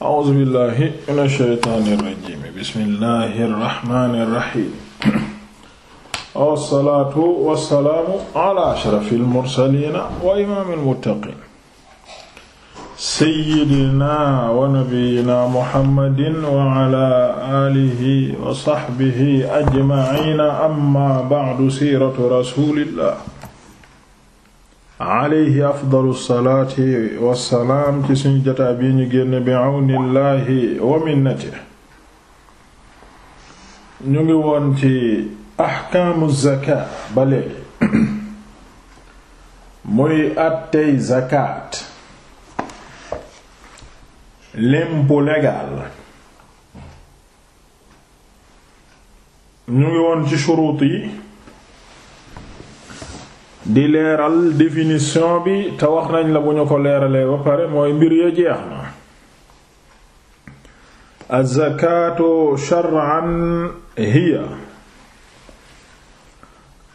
a'uuzu billahi mina shaytaani rajiim bismillahi rahmaani rahiim wassalaatu wassalaamu ala ashrafil mursaliina wa imaamil muttaqiin sayyidinaa wa nabiyyinaa muhammadin wa ala aalihi wa sahbihi ajma'iina amma ba'du siiratu rasuulillah alayhi afdalu salaati wassalaam ci suñu jataa bi ñu génn bi àwnillaahi wa minnati ñu ngi woon ci ahkaamu zakaa ba muy àttey zakaat l'impôt légal ñu ngi woon ci yi di leeral définition bi te wax nañ la bu ko leeralee ba pare mooy mbir ya jeex na az-zakaatu shar'an hiya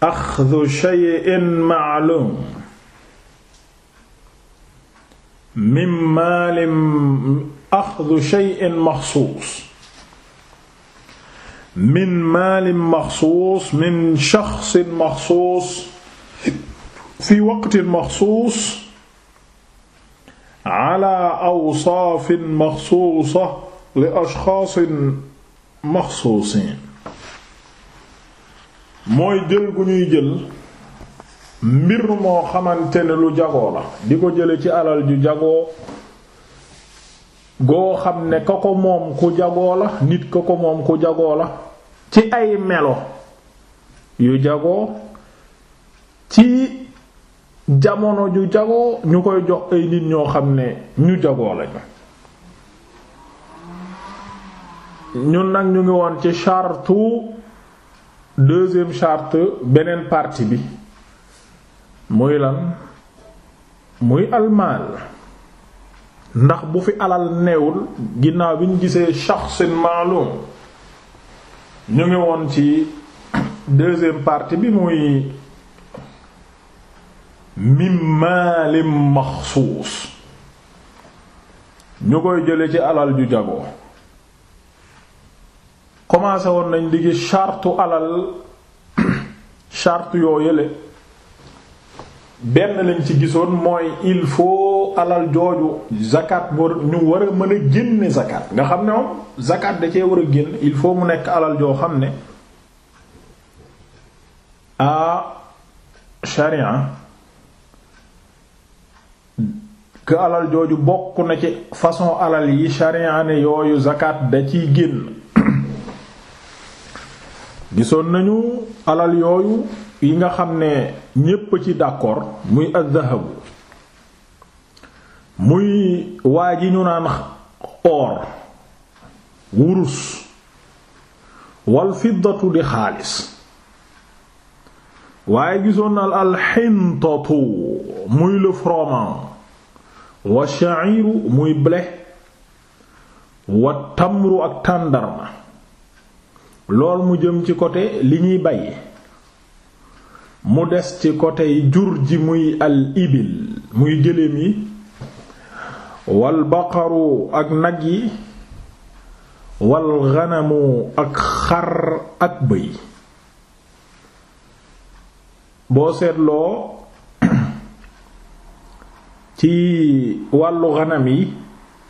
axdu shay'in ma'lum min maalin axdu shay'in maxsuus min maalin maxsuus min shaxsin maxsuus fi waqtin maxsuus ala awsaafin maxsuusa li ashxaasin maxsuusin mooy jël gu ñuy jël mbir moo xamante ne lu jagoo la di ko jële ci alal yu jagoo goo xam ne ka ko moom ku jagoo la nit ka ko moom ku jagoo la ci ay melo yu jagoo ci jamono ju jagoo ñu koy jox ay nit ñoo xam ne ñu jagoo lañu ñun nag ñu ngi woon ci charte deuxième charte beneen partie bi muy lan muy almaal ndax bu fi alal neewul ginnaaw bi ñu gisee shakhsin maalum ñu ngi woon ci deuxième partie bi muy min maalim maxsuus ñu koy jële ci alal ju jagoo commencé woon nañ di gis charte alal charte yoo yële benn lañ ci gisoon mooy il faut alal jooju zakat bu ñu war a mën a génne zakat nga xam ne moom zakat da cee war a génn il faut mu nekk alal joo xam ne a ah, sharia que alal jooju bokk na ci façon alal yi sharia yooyu zakat da ci génn gisoon nañu alal yooyu yi nga xam ne ñépp ci d'accord muy az muy waa ji ñu naan or wurus wal fiddatu di xaalis waaye gisoon na al xintatu muy le froment wa sha'iru muy blé wa tamru ak tàndarma lool mu jëm ci côté li ñuy bay mu des ci côté jur ji muy al ibil muy jëléem yi wal baqaru ak nag yi wal ganamu ak xar ak bëy boo seetloo ci wàllu xanam yi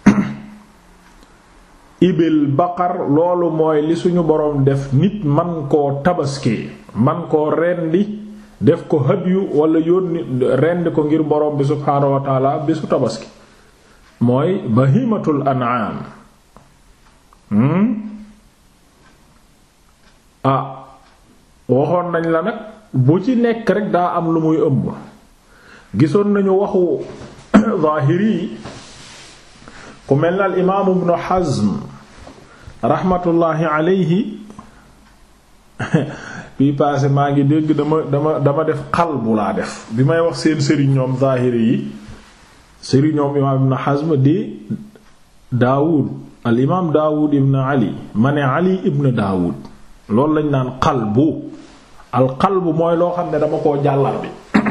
ibil baqar loolu mooy li suñu boroom def nit man koo tabaski man koo rendi def ko hadyu wala yónni rendi ko ngir boroom bi subhaanahu wa bésu tabaski mooy bahimatul an'am hmm? ah waxoon nañ la nag bu ci nekk rek daa am lu muy ëmb gisoon nañu waxu zaahiri yi ku mel na al imaamu ibnu Hazm raxmatullaahi alayhi bii passé maa ngi dégg dama dama dama def xalbu laa def bi may wax seen sëriñ ñoom zaahiri yi sëriñ ñoom imaam ibnu Hazm di Daawud al imaam Daawud ibnu Ali ma ne Ali ibnu Daawud loolu lañ naan xalbu al xalbu mooy loo xam ne dama koo jàllar bi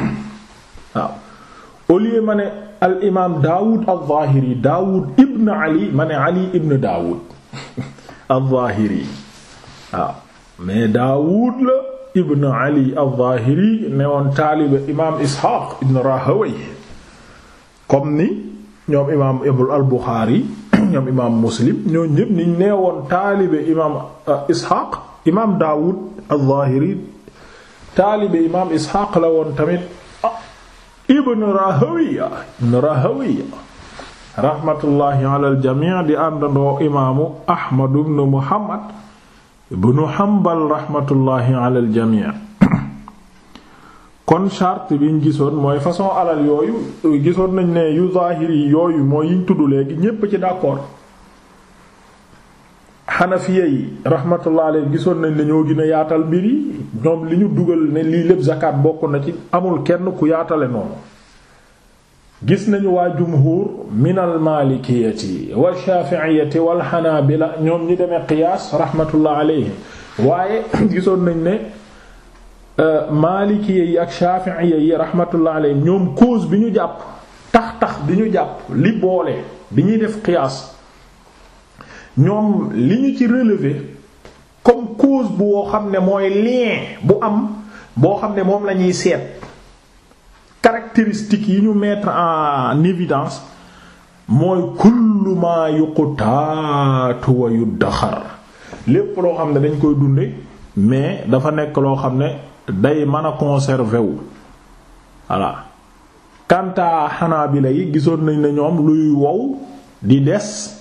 waaw au lieu ma ne al imaam Daawud al-Zahiri Daawud ibn Ali ma Ali ibn Daawud al-Zahiri waaw mais Daawud ibn Ali al-Zahiri ne woon taalibe imaam Isxaaq ibn Rahawayh comme ni ñoom imaam al-Bukhari ñoom imaam Muslim ñoo ñëpp ni nee woon taalibe imaam uh, Isxaaq Daawud al-Zahiri taalibe imaam Isxaaq la woon tamit. ibn rahawiya ibn rahawiya di àndandoo imaamu ahmadu ibn muhammad ibn hanbal rahmatullahi ala kon charte bi ñu gisoon mooy façon alal yooyu gisoon nañ ne yu zahiri yooyu mooy yiñ tudd léegi ñépp ci d'accord xanafiya yi rahmatullah alayhi gisoon nañ ne ñoo gën a yaatal mbir yi ñoom li ñu dugal ne lii lépp zakat bokk na ci amul kenn ku yaatale noonu gis nañu waa jumhur min al malikiyati wa shafi'iyati wal hanabila ñoom ñi demee qiyaas rahmatullah alayhi waaye gisoon nañ ne euh, maalikiya yi ak shafi'iyya yi rahmatullah alayhi ñoom cause bi ñu jàpp tax tax bi ñu jàpp li boole bi ñuy def qiyaas ñoom li ñu ci relever comme cause bu woo xam ne mooy lien bu am boo xam ne moom la ñuy seet caractéristiques yi ñu mettre en évidence mooy kullu ma yuqutaatu wa yuddaxar lépp loo xam ne dañ koy dunde mais dafa nekk loo xam ne day mën a conserver wu voilà xanaa bi lay gisoon nañ ne ñoom luy wow di des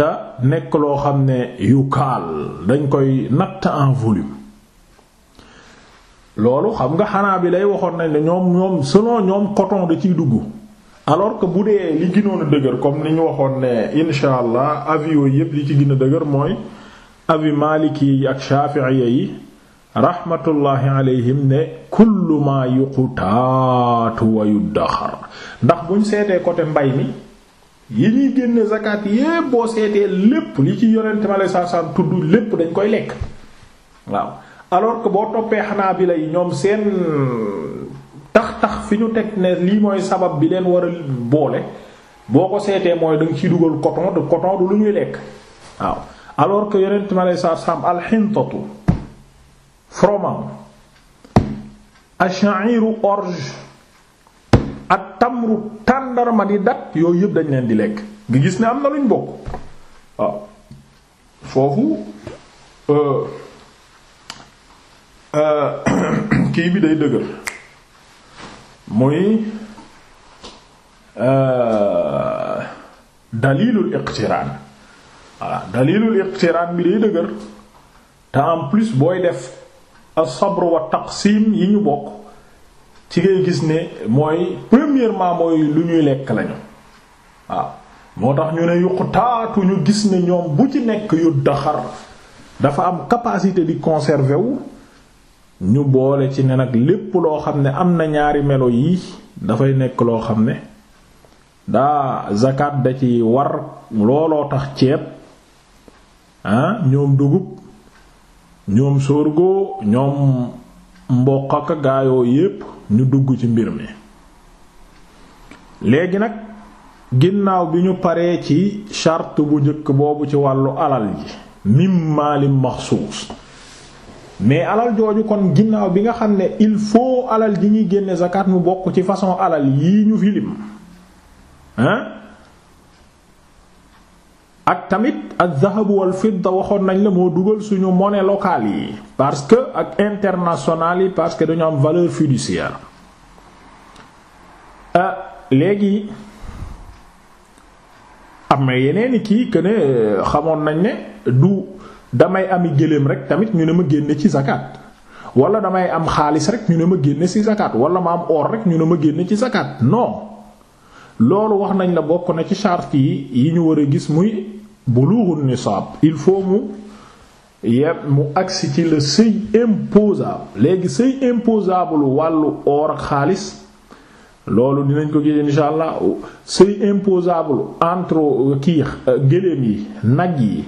te nekk loo xam ne yukaal dañ koy natt en volume loolu xam nga xanaa bi lay waxoon nañ ne ñoom ñoom selon ñoom coton da ciy dugg alors que bu dee li gënoon dëgër comme ni ñu waxoon ne insha allah avis yooyu yépp li ci gën a dëgër mooy avis maliki yi ak shafi'iyya yi rahmatullahi alayhim ne kullu ma yuqutaatu wa yuddaxar ndax buñ seetee côté mbay mi yi ñuy génne zakat yépp boo seetee lépp li ci yonent ma lay saasaan tudd lépp dañ koy lekk waaw alors que boo toppee xanaa bi lay ñoom seen tax tax fi ñu teg ne lii mooy sabab bi leen war a boole boo ko seetee mooy da nga ciy dugal coton de coton du lu ñuy lekk waaw alors que yonent ma lay saasaan alxintatu froment ashairu orge at tamru tàndarma di dat yooyu yëpp dañ leen di lekk nga gis ne am na luñ bokk waaw ah. foofu euh, euh, kii bi day dëgër muy euh, dalilul iqtiraan voilà dalilul iqtiraan bi day dëgër te en plus booy def as-sabr wa yi ñu bokk ci ngay gis ni mooy premièrement mooy lu ñuy lekk lañu waaw moo tax ñu ne yuqtaatu ñu gis ne ñoom bu ci nekk yu daxar dafa am capacité di conserver wu ñu boole ci ne nag lépp loo xam ne am na ñaari melo yii dafay nekk loo xam ne daa zakat da ci war looloo tax ceeb ah ñoom dugub ñoom sorgo ñoom mboq ak gaayoo yépp ñu dugg ci mbir mi léegi nag ginnaaw bi ñu paree ci charte bu njëkk boobu ci wàllu alal ji mim maalim maxsuus mais alal jooju kon ginnaaw bi nga xam ne il faut alal ji ñuy génne zakat mu bokk ci façon alal yii ñu filim hein ak tamit az-zahab wal fidda waxoon nañ la moo dugal suñu monnaie locale yi parce que ak internationale yi parce que dañu am valeur fiduciaire euh, léegi am na yeneen kii que ne euh, xamoon nañ ne du damay ami gëléem rek tamit ñu ne ma génne ci zakat wala damay am xaalis rek ñu ne ma génne ci zakat wala ma am or rek ñu ne ma génne ci zakat non loolu wax nañ la bokk na ci charte yi yi ñu war a gis muy bulughun nisaab il faut mu yépp mu agsi ci le seuil imposable léegi seuil imposable wàllu or ak xaalis loolu dinañ ko gis insha allah seuil imposable entre kii gëléem yi nag yi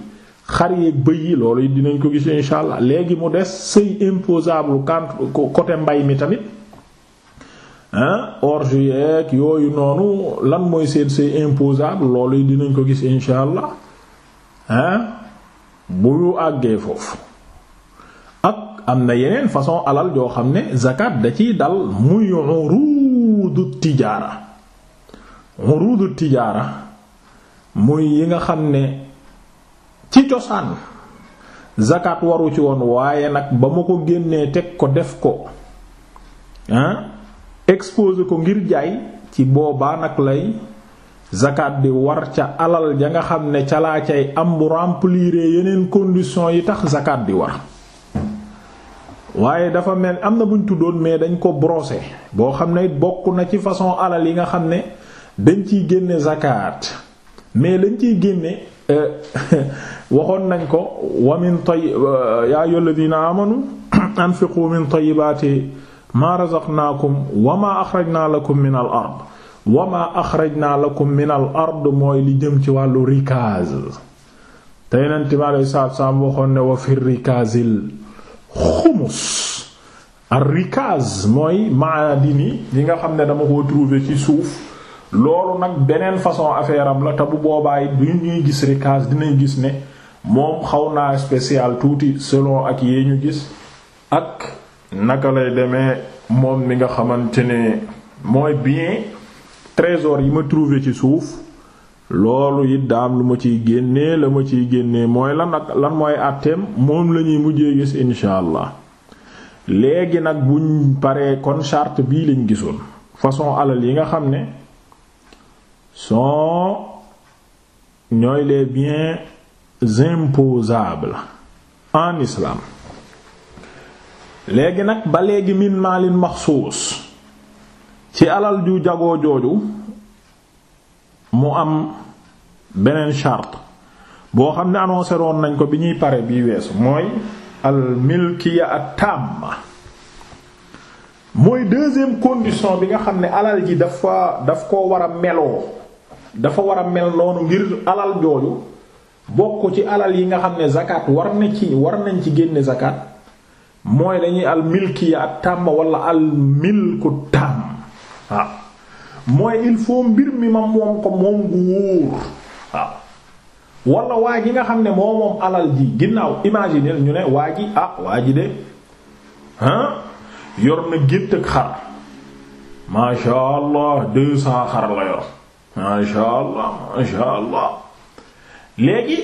xar yeeg bëy yi loolu dinañ ko gis insha allah léegi mu des seuil imposable contre côté mbay mi tamit ah orge yeeg yooyu noonu lan mooy seet seuil imposable loolu dinañ ko gis insha allah bu àggee foofu ak am na yeneen façon alal joo xam ne zakat da ciy dal muy uruudu tijaara uruudu tijaara muy yi nga xam ne ci cosaan zakat waru ci woon waaye nag ba ma ko génnee teg ko def ko ah exposé ko ngir jaay ci boobaa nag lay zakat bi war ca alal ja nga xam ne ca laa cay am bu remplir yeneen conditions yi tax zakat bi war waaye dafa mel am na buñ tuddoon mais dañ ko brosser boo xam ne it bokk na ci façon alal yi nga xam ne dañ ciy génne zakat mais lañ ciy génne euh, waxoon nañ ko wamin min tay euh, yaa ayyuhalladhina amanu anfiqu naa tayyibati ma razaqnakum wa ma akhrajna lakum wa ma axrajna lakum min al ard mooy li jëm ci wàllu rikaaz te yeneen timaale saab saab waxoon ne wa fi rikaazil xumus al mooy maadini yi nga xam ne dama ko trouver ci suuf loolu nag beneen façon affaire am la te bu boobaay du ñuy gis rikaaz dinañ gis ne moom xaw naa spécial tuuti selon ak yee ñu gis ak naka lay demee moom mi nga xamante ne mooy bien trésor yi ma trouvé ci suuf loolu it daam lu ma ciy génnee la ma ciy génnee mooy lan ak lan mooy àtteem moom la ñuy mujjee gis incha allah léegi nag buñ paree kon charte bii lañ gisoon façon alal yi nga xam ne sont ñooy les bien imposables en islam léegi nag ba léegi min maalin maxsuus ci alal ju jagoo jooju mu am beneen charte boo xam ne annoncé nañ ko bi ñuy pare bi weesu mooy al milkiya at tamma mooy deuxième condition bi nga xam ne alal ji dafa daf ko war a meloo dafa war a mel noonu ngir alal jooju bokk ci alal yi nga xam ne zakat war na ci war nañ ci génne zakat mooy dañuy al milkiya at tamma wala al milku tam waaw mooy il faut mbir mi ma moom ko moom gu wóor waaw waa ji nga xam ne moo moom alal ji ginnaaw imaginer ñu ne waa ji ah waa ji de ah yor na gétt ak xar masha allah deux cents xar la yor masha allah masha allah léegi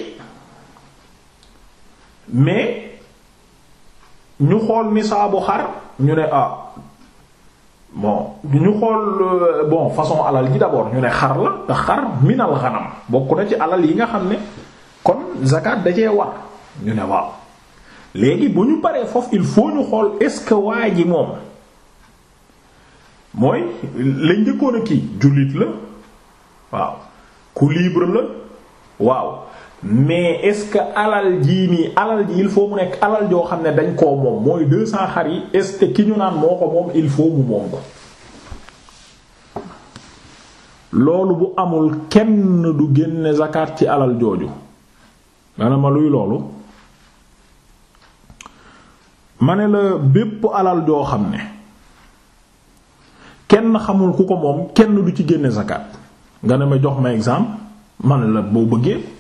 mais ñu xool nisaabu xar ñu ne ah bon du ñu xool euh, bon façon alal ji d'abord ñu ne xar la te xar minal xanam bokk na ci alal yi nga xam ne kon zakat da cee war ñu ne waaw léegi bu ñu paree foofu il faut ñu xool est-ce que waa ji moom mooy lañ njëkkoon a kii jullit la waaw ku la waaw mais est-ce que alal jii nii alal ji il faut mu nekk alal joo xam ne dañ koo moom mooy 200 xar yi est-ce ki ñu naan moo ko moom il faut mu moom loolu bu amul kenn du génne zakat ci alal jooju nga ne loolu ma ne la bépp alal joo xam ne kenn xamul ku ko moom kenn du ci génne zakat nga ne ma jox ma exemple ma ne la boo bëggee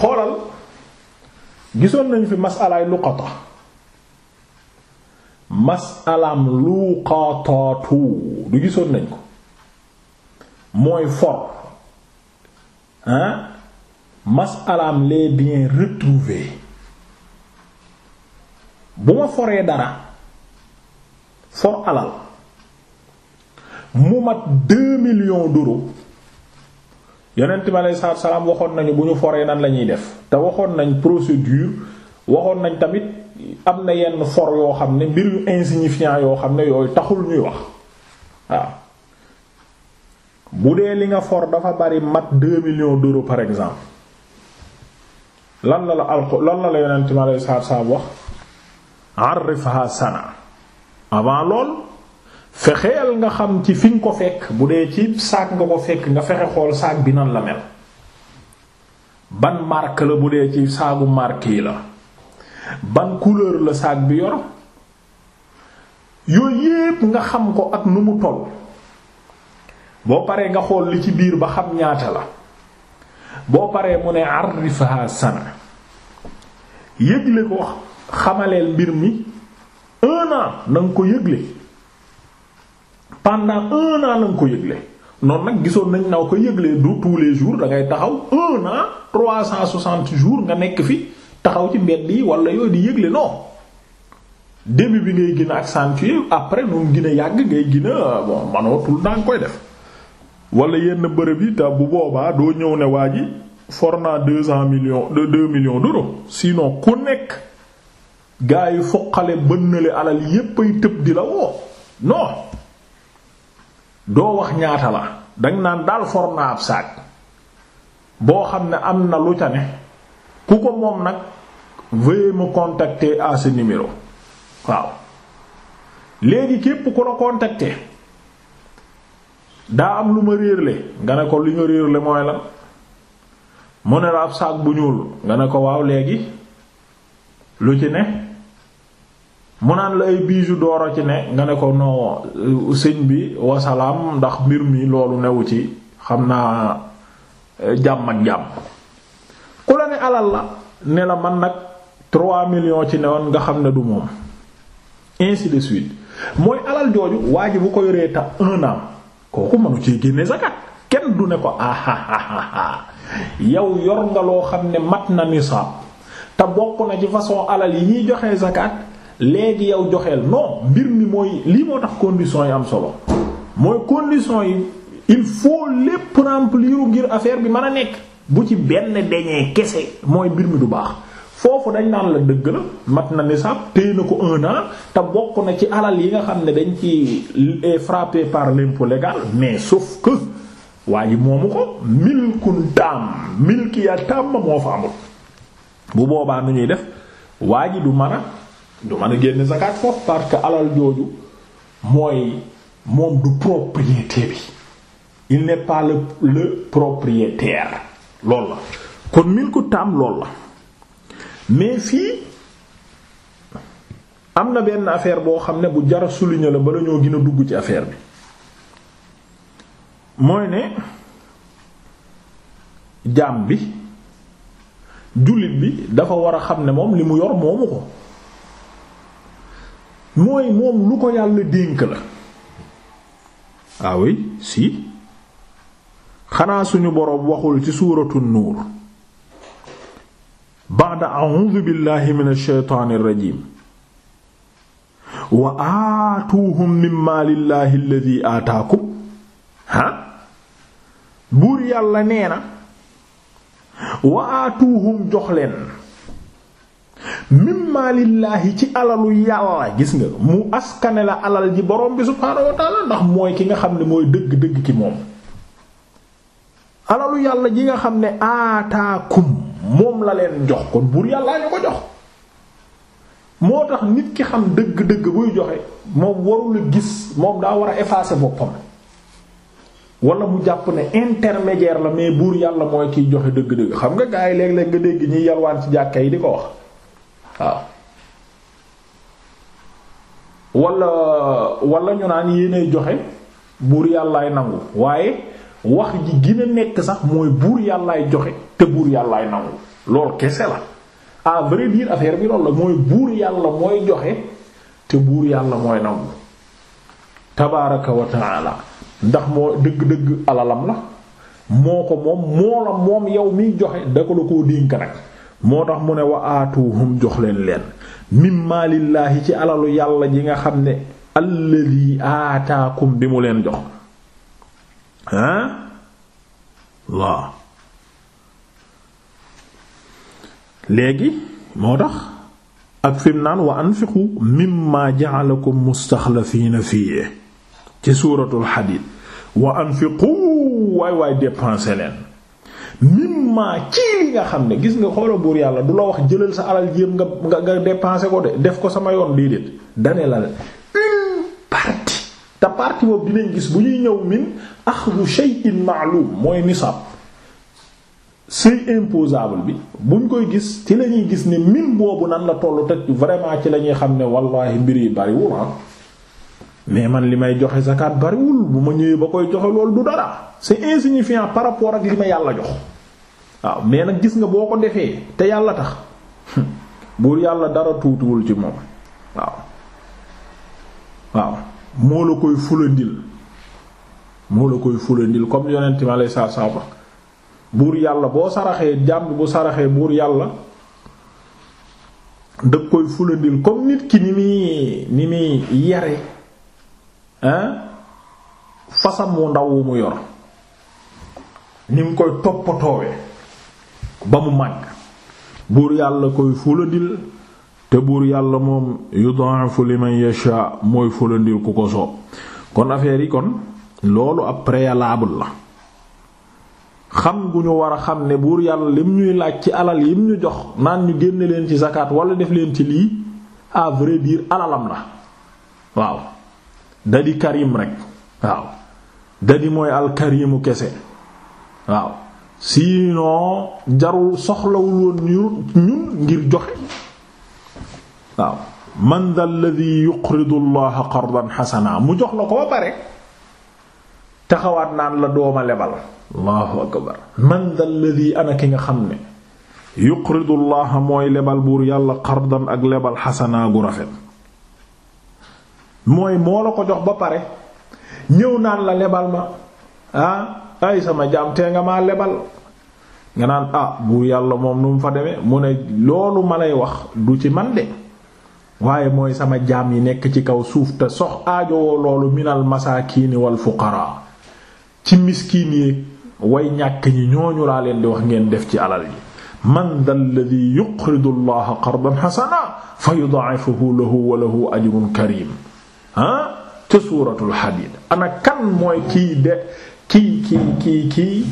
xoolal gisoon nañ fi masalaay luqata masalaam luqataatu du gisoon nañ ko mooy for hein masalaam les biens retrouvés bu ma foree dara for alal mu mat deux millions d'euros yonent bi aleyhi salaatu salaam waxoon nañu bu ñu foree nan la ñuy def te waxoon nañ procédure waxoon nañ tamit am na yenn for yoo xam ne mbir yu insignifiant yoo xam ne yooyu taxul ñuy wax waaw bu dee li nga for dafa bari mat deux millions d'euros par exemple lan la la alxo lan la la yonent bi aleyhi salaatu salaam wax arifha sana avant lool fexeel nga xam ci fi nga ko fekk bu dee ci saak nga ko fekk nga fexe xool saak bi nan la mel ban marque la bu dee ci saagu mark yi la ban couleur la saak bi yor yooyu yépp nga xam ko ak nu mu toll boo paree nga xool li ci biir ba xam ñaata la boo paree mu ne arrifaha sana yëgle ko xamaleel mbir mi un an ko yëgle pendant un la nga ko yëgle noonu nag gisoon nañ naw ko yëglee du tous les jours da ngay taxaw un an trois cent soixante jours nga nekk fi taxaw ci mbedd yi wala yooyu di yëgle non début bi ngay gën a accentuer après nu gën yàgg ngay gën a bon manoo bërëb yi bu boobaa doo ñëw ne waa ji for naa deux cent millions de deux du d'euros sinon ku nekk gaa yi foqale bënnale alal yépp ay tëb di la woo non doo wax ñaata la dañ naan daal for naa ab saak boo xam ne am na lu ca ne ku ko moom nag veuillez mu contacter à ce waaw léegi képp ku la contacter daa am lu ma réerle nga ne ko li nga réerle mooy la mu ne la ab saak bu ñuul nga ne ko waaw léegi lu ci ne mu naan la ay bijoux d'or ci ne nga ne ko non euh, sëñ bi wasalaam ndax mbir mi loolu newu ci xam naa euh, jàmm ak jàmm ku la ne alal la ne la man nag trois millions ci newoon nga xam ne du moom ainsi de suite mooy alal jooju waa ji bu ko yoree ta un kooku mënu ci génne zakat kenn du ne ko ah, ah, ah, yow yor nga loo xam ne mat na nisaab te bokk na ci façon alal yi ñuy joxe zakat léegi yow joxeel non mbir mi mooy lii moo tax conditions yi am solo mooy conditions yi il faut lépp remplir ngir affaire bi mën a nekk bu ci benn deñee kese mooy mbir mi du baax foofu dañ naan la dëgg la mat na nisaab téye na ko un an te bokk na ci alal yi nga xam ne dañ ci frappé par l'impôt légal mais sauf que waaye moomu ko milkun taam milkiya taam moo fa amul bu boobaa nu ñuy def waa ji du mën du man a génn zakat foofu parce que alal jooju mooy moom du propriété bi il n'est pas le le propriétaire loolu la kon mil ku taam loolu la mais fii am na benn affaire boo xam ne bu jara souligner la bala ñoo gën a dugg ci affaire bi mooy ne jaam bi jullit bi dafa war a xam ne moom li mu yor moomu ko mooy moom lu ko yàlla dénk la waaw ah si xanaa suñu boroom waxul ci suuratu nuur ba'da a'uuzu billahi minash shaytaanir rajiim wa aataakum ha buur yàlla nee na wa aatuuhum jox leen mimma lillaahi ci alalu yàlla gis nga mu askane la alal ji borom bi subhaanahu ndax mooy ki nga xam ne mooy dëgg-dëgg ki moom alalu yàlla ji nga xam ne aataakum moom la leen jox kon buur yàllaa ñu ko jox moo ki xam dëgg buy joxe moom warula gis moom daa war a effacer boppam wala mu jàpp ne intermédiaire la mais buur yàlla mooy kiy joxe dëgg-dëgg xam nga gaa yi léeg-léeg nga dégg ñiy yalwaan ci jàkka yi di ko wax waaw wala wala ñu naan yéenay joxe buur yàllaay nangu waaye wax ji gën nekk sax mooy buur yàllaay joxe te buur yàllaay nangu lool kese la à vrai dire bi loolu la mooy buur yàlla mooy joxe te buur yàlla mooy nangu tabaaraka wa ndax moo dëgg-dëgg alalam la moo ko moom moo la moom yow miy joxe da ko la koo dénk nag moo tax mu ne wa aatuhum jox leen leen mimma lillaahi ci alalu yàlla ji nga xam ne alladi aataakum bi mu leen jox ah waaw léegi moo tax ak fim naan wa anfiqu mimma ja'alakum mustaxlafiina fiihi ci suuratul xadiid wa anfiqu waay waay dépenser leen mimma ci li nga xam ne gis nga xoola buur yàlla du la wax jëlal sa alal yépp nga nga nga dépenser ko de def ko sama yoon déedéet dane la une partie te partie boobu dinañ gis bu ñuy ñëw min axdu shay'in ma'lum mooy nisab seuil imposable bi buñ koy gis ci la ñuy gis ni mim boobu nan la tollu te vraiment ci la ñuy xam ne wallahi mbir yi bariwul ah mais man li may joxe zakat bariwul bu ma ñëwee ba koy joxe loolu du dara c'est insignifiant par rapport ak li ma yàlla jox waaw mais nag gis nga boo ko defee te yàlla tax buur yàlla dara tuutuwul ci moom waaw waaw moo la koy fulandil moo la koy fulandil comme yonent mi alayhi salaatu salaam buur yàlla boo saraxee jàmm bu saraxee buur yàlla da koy fulandil comme nit ki ni muy ni muy yare hein fasam mu ndaw wu mu yor ni mu koy toppatoowee ba mu màgg buur yàlla koy fulandil te buur yàlla moom yudaafu liman yasha mooy fulandil ku ko soob kon affaire yi kon loolu ab préalable la xam gu ñu war a xam ne buur yàlla lim ñuy laaj ci alal yim ñu jox naan ñu génne leen ci zakat wala def leen ci lii à vrai dire alalam la waaw da di rek waaw da di mooy alkarimu kese waaw sinon jarul soxlawul woon ñun ñun ngir joxe waaw man dal ladhi yuqridu allaha qardan xasana mu jox la ko ba pare taxawaat naan la dooma lebal allahu akbar man dal ladhi ana ki nga xam ne yuqridu allaha mooy lebal buur yàlla qardan ak lebal xasanaa gu rafet mooy moo la ko jox ba pare ñëw naan la lebal ma ah? ay sama jaam tee nga maa lebal nga naan ah bu yàlla moom nu mu fa demee mu ne loolu ma lay wax du ci man de waaye mooy sama jaam yi nekk ci kaw suuf te sox aajowoo loolu minal masaakiini wal fuqaraa ci miskiin yi way ñàkk ñi ñooñu laa leen di wax ngeen def ci alal yi man dal ladhi yuqridu allaha qardan hasana fa yudaa'ifuhu lahu wa lahu ah, ca suuratul hadiid ana kan mooy kii de kii kii kii kii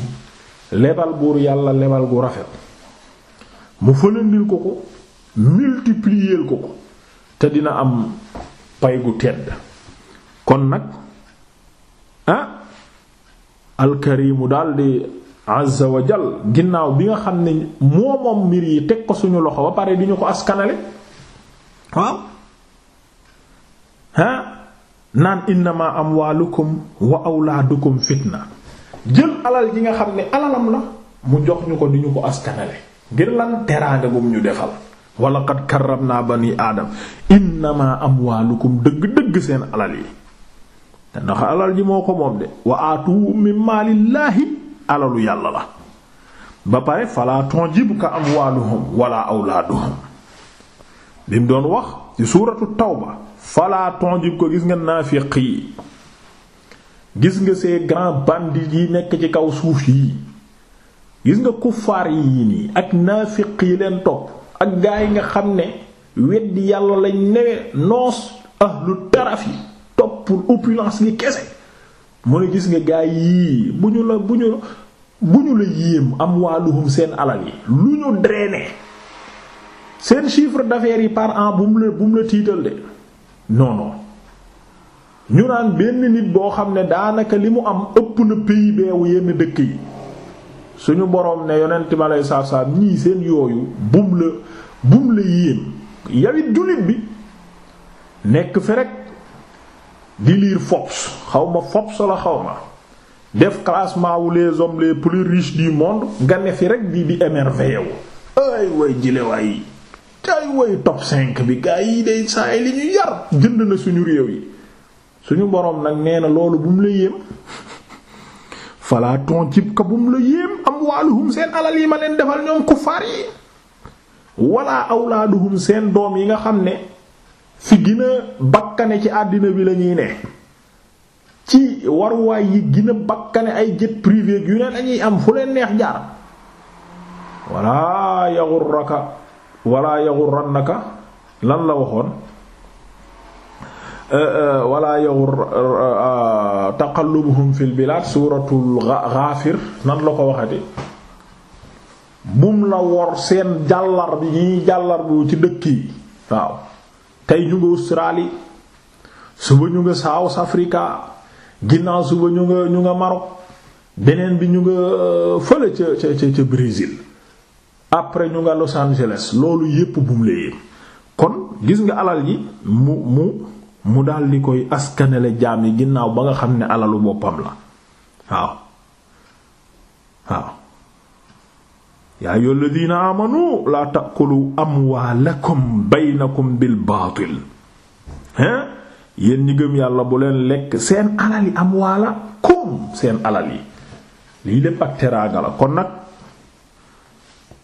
lebal buur yàlla lebal gu rafet mu fëlandil ko ko multiplier ko ko te dina am pay gu tedd kon nag ah alkarimu daldi azza wa jal ginnaaw bi nga xam ne moo moom mbir yi teg ko suñu loxo ba pare di ñu ko askanale waaw ah naan innama amwaalukum wa awlaadukum fitna jël alal ji nga xam ne alalam la mu jox ñu ko di ñu ko askanale ngir lan teraanga gum ñu defal wala qad karramna bani aadam innama amwaalukum dëgg-dëgg seen alal yi te ndax alal ji moo ko moom de wa aatu maalillaahi alalu yàlla la ba pare fala tunjibuka amwaaluhum wala awlaaduhum bi mu doon wax ci suuratu tawba falaa tonjib ko gis nga naafiq yi gis nga ces grands bandits yi nekk ci kaw suuf yi gis nga kuffaar yi nii ak naafiq yi leen topp ak gaa yi nga xam ne weddi yàlla lañ newe noos ahlu taraf yi topp opulence li kese mu ne gis nga gaa yii bu ñu la bu ñu bu ñu la yéem am waaluhum seen alal yi lu ñu drainer seen chiffre d'affaires yi par an bu mu la bu mu la tiital de non ñu naan benn nit boo xam ne daanaka li mu am ëpp na PIB wu yenn dëkk yi suñu boroom ne yonent ma lay saaf saaf ñii seen yooyu bu mu la bu mu la yéem yawit jullit bi nekk fi rek di liir Forbes xaw la xaw def classement wu les hommes les plus riches du monde nga ne fi rek di bi émerveillé wu ay way jile kay woy top 5 bi gaa yi day saa li ñu yar jënd na suñu réew yi suñu boroom nag nee na loolu bu mu la yéem falaa ton ka bu la yéem am waaluhum seen alal yi ma leen defal ñoom kuffaar yi wala awlaaduhum seen doom yi nga xam ne fi gën bakkane ci àddina bi lañuy ne ci waruwaay yi gën bakkane ay jet privé yu ne lañuy am fu leen neex jaar wala yaghurraka wala yaxurannaka lan la waxoon euh, euh, walla yaxur euh, taqallubuhum fil suuratul Gaafir nan la ko waxati bum la wor seen jàllar bi ñuy jàllar bu ci dëkk yi waaw tey ñu nga Australie suba ñu nga South Africa ginnaaw suba ñu nga ñu beneen bi ñu nga fële ca ca ca Brésil après ñu nga Los Angeles loolu yépp bu mu kon gis nga alal yi mu mu mu di koy askanele jaam yi ginnaaw ba nga xam ne alalu boppam la waaw waaw yaa ayyuhal ladina amanu laa takkulu amwaalakum baynakum bil baatil hein yéen ñi yàlla bu leen lekk seen alal yi amwaalakum seen alal yi lii lépp ak teraanga la kon nag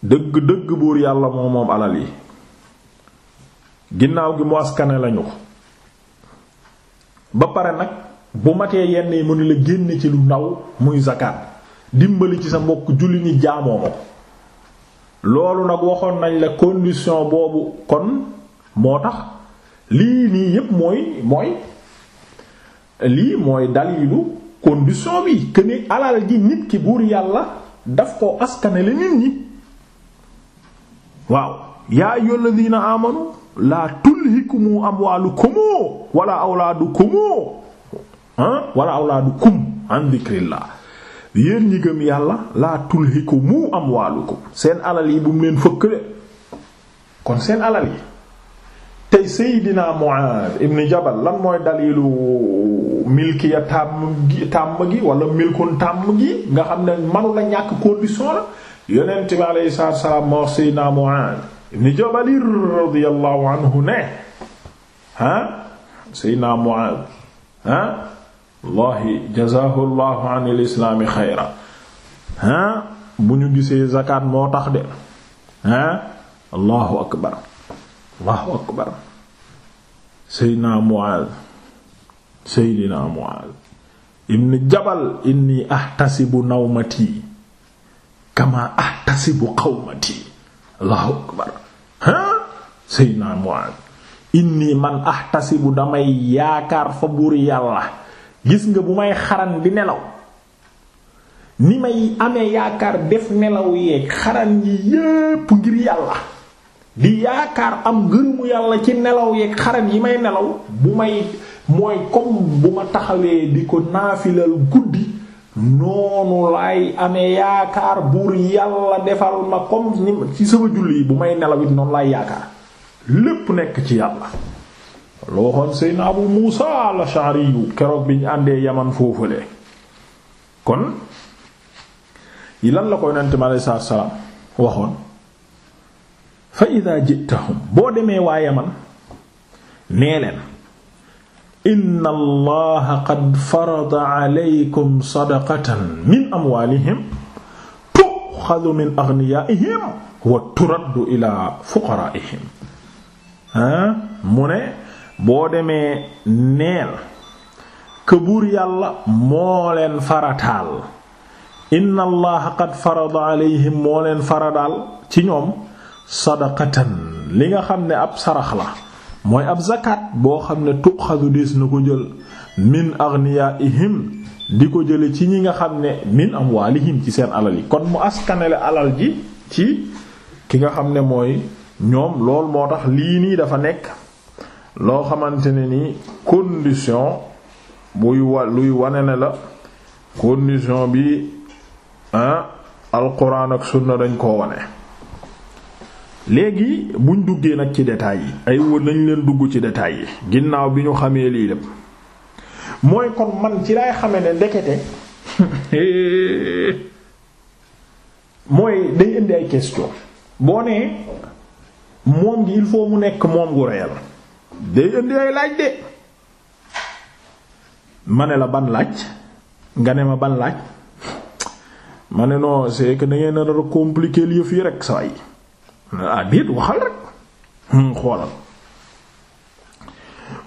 dëgg dëgg buur yàlla moo moom alal yi ginnaaw gi mu askane lañu ko ba pare nag bu matee yenn yi mu la génne ci lu ndaw muy zakat dimbali ci sa mbokk julli ñi jaamoo ko loolu nag waxoon nañ la condition boobu kon moo tax lii nii yépp mooy mooy lii mooy dalilu condition bi këne alal ji nit ki buur yàlla daf ko askane la nit ñi waaw yaa ayyuhal ladina amanu laa tulhikumu amwaalukum wala awlaadukum ah wala awlaadukum an dhikrillah yéen ñi yàlla laa tulhikumu amwaalukum seen alal yi bu mu leen fëkk de kon seen alal yi tey Seydina Muaad ibn Jabal lan mooy dalilu milkiya tàmm gi tàmm gi wala milkun tàmm gi nga xam ne manu la ñàkk condition la yonent bi aleyhi salaatu wa salaam moo Seydina Muaaz ibn Jabal radiyallahu anhu ne ah Seydina Muaaz ah wallahi jazaahu llahu an al-islaami bu ñu gisee zakat moo tax de ah allahu akbar allahu akbar Seydina Muaaz Seydina Muaaz ibn Jabal inni ahtasibu nawmati kama ahtasibu qawmati allahu akbar ha sayyidina Mu'aaz inni man ahtasibu damay yaakaar fa buur yàlla gis nga bu may xaran di nelaw ni may amee yaakaar def nelaw yeeg xarañ yi yépp ngir yàlla di yaakaar am ngërëmu yàlla ci nelaw yeeg xaran yi may nelaw bu may mooy comme bu ma taxawee di ko naafilal guddi noonu laay amee yaakaar buur yàlla defal ma comme ci sama julli yi bu may nelawit noonu laay yaakaar lépp nekk ci yàlla loo waxoon seyna abu muusa la shaari yu keroog bi ñu àndee yaman foofalee kon yi lan la koy nent mi waxoon fa idaa jitahum boo demee waa yaman nee leen inna allaha qad farada alaykum sadaqatan min amwalihim tuxadu min aghniyaihim wa turaddu ila fuqaraihim mu ne boo demee neel que buur yàlla moo leen farataal inna allaha qad farada moo leen faradaal ci ñoom sadaqatan li nga xam ne ab sarax la mooy ab zakat boo xam ne tuqxadu diis na ko jël min aghniyaihim di ko jële ci ñi nga xam ne min amwalihim ci seen alal yi kon mu askanele alal ji ci ki nga xam ne mooy ñoom loolu moo tax lii nii dafa nekk loo xamante ne ni condition buy wa wane ne la condition bi ah alquran ak sunna dañ koo wane léegi buñ duggee nag ci détails yi ay woon nañ leen dugg ci détails yi ginnaaw bi ñu xamee lii lépp mooy kon man ci lay xame ne ndekete mooy day indi ay question boo nee moom gi il faut mu nekk moom gu réel day indi ay laaj de ma ne la ban laaj nga ne ma ban laaj ma ne non c'est que da ngeen nar a compliquer yëf yi rek saa yi ah déet waxal rek xoolal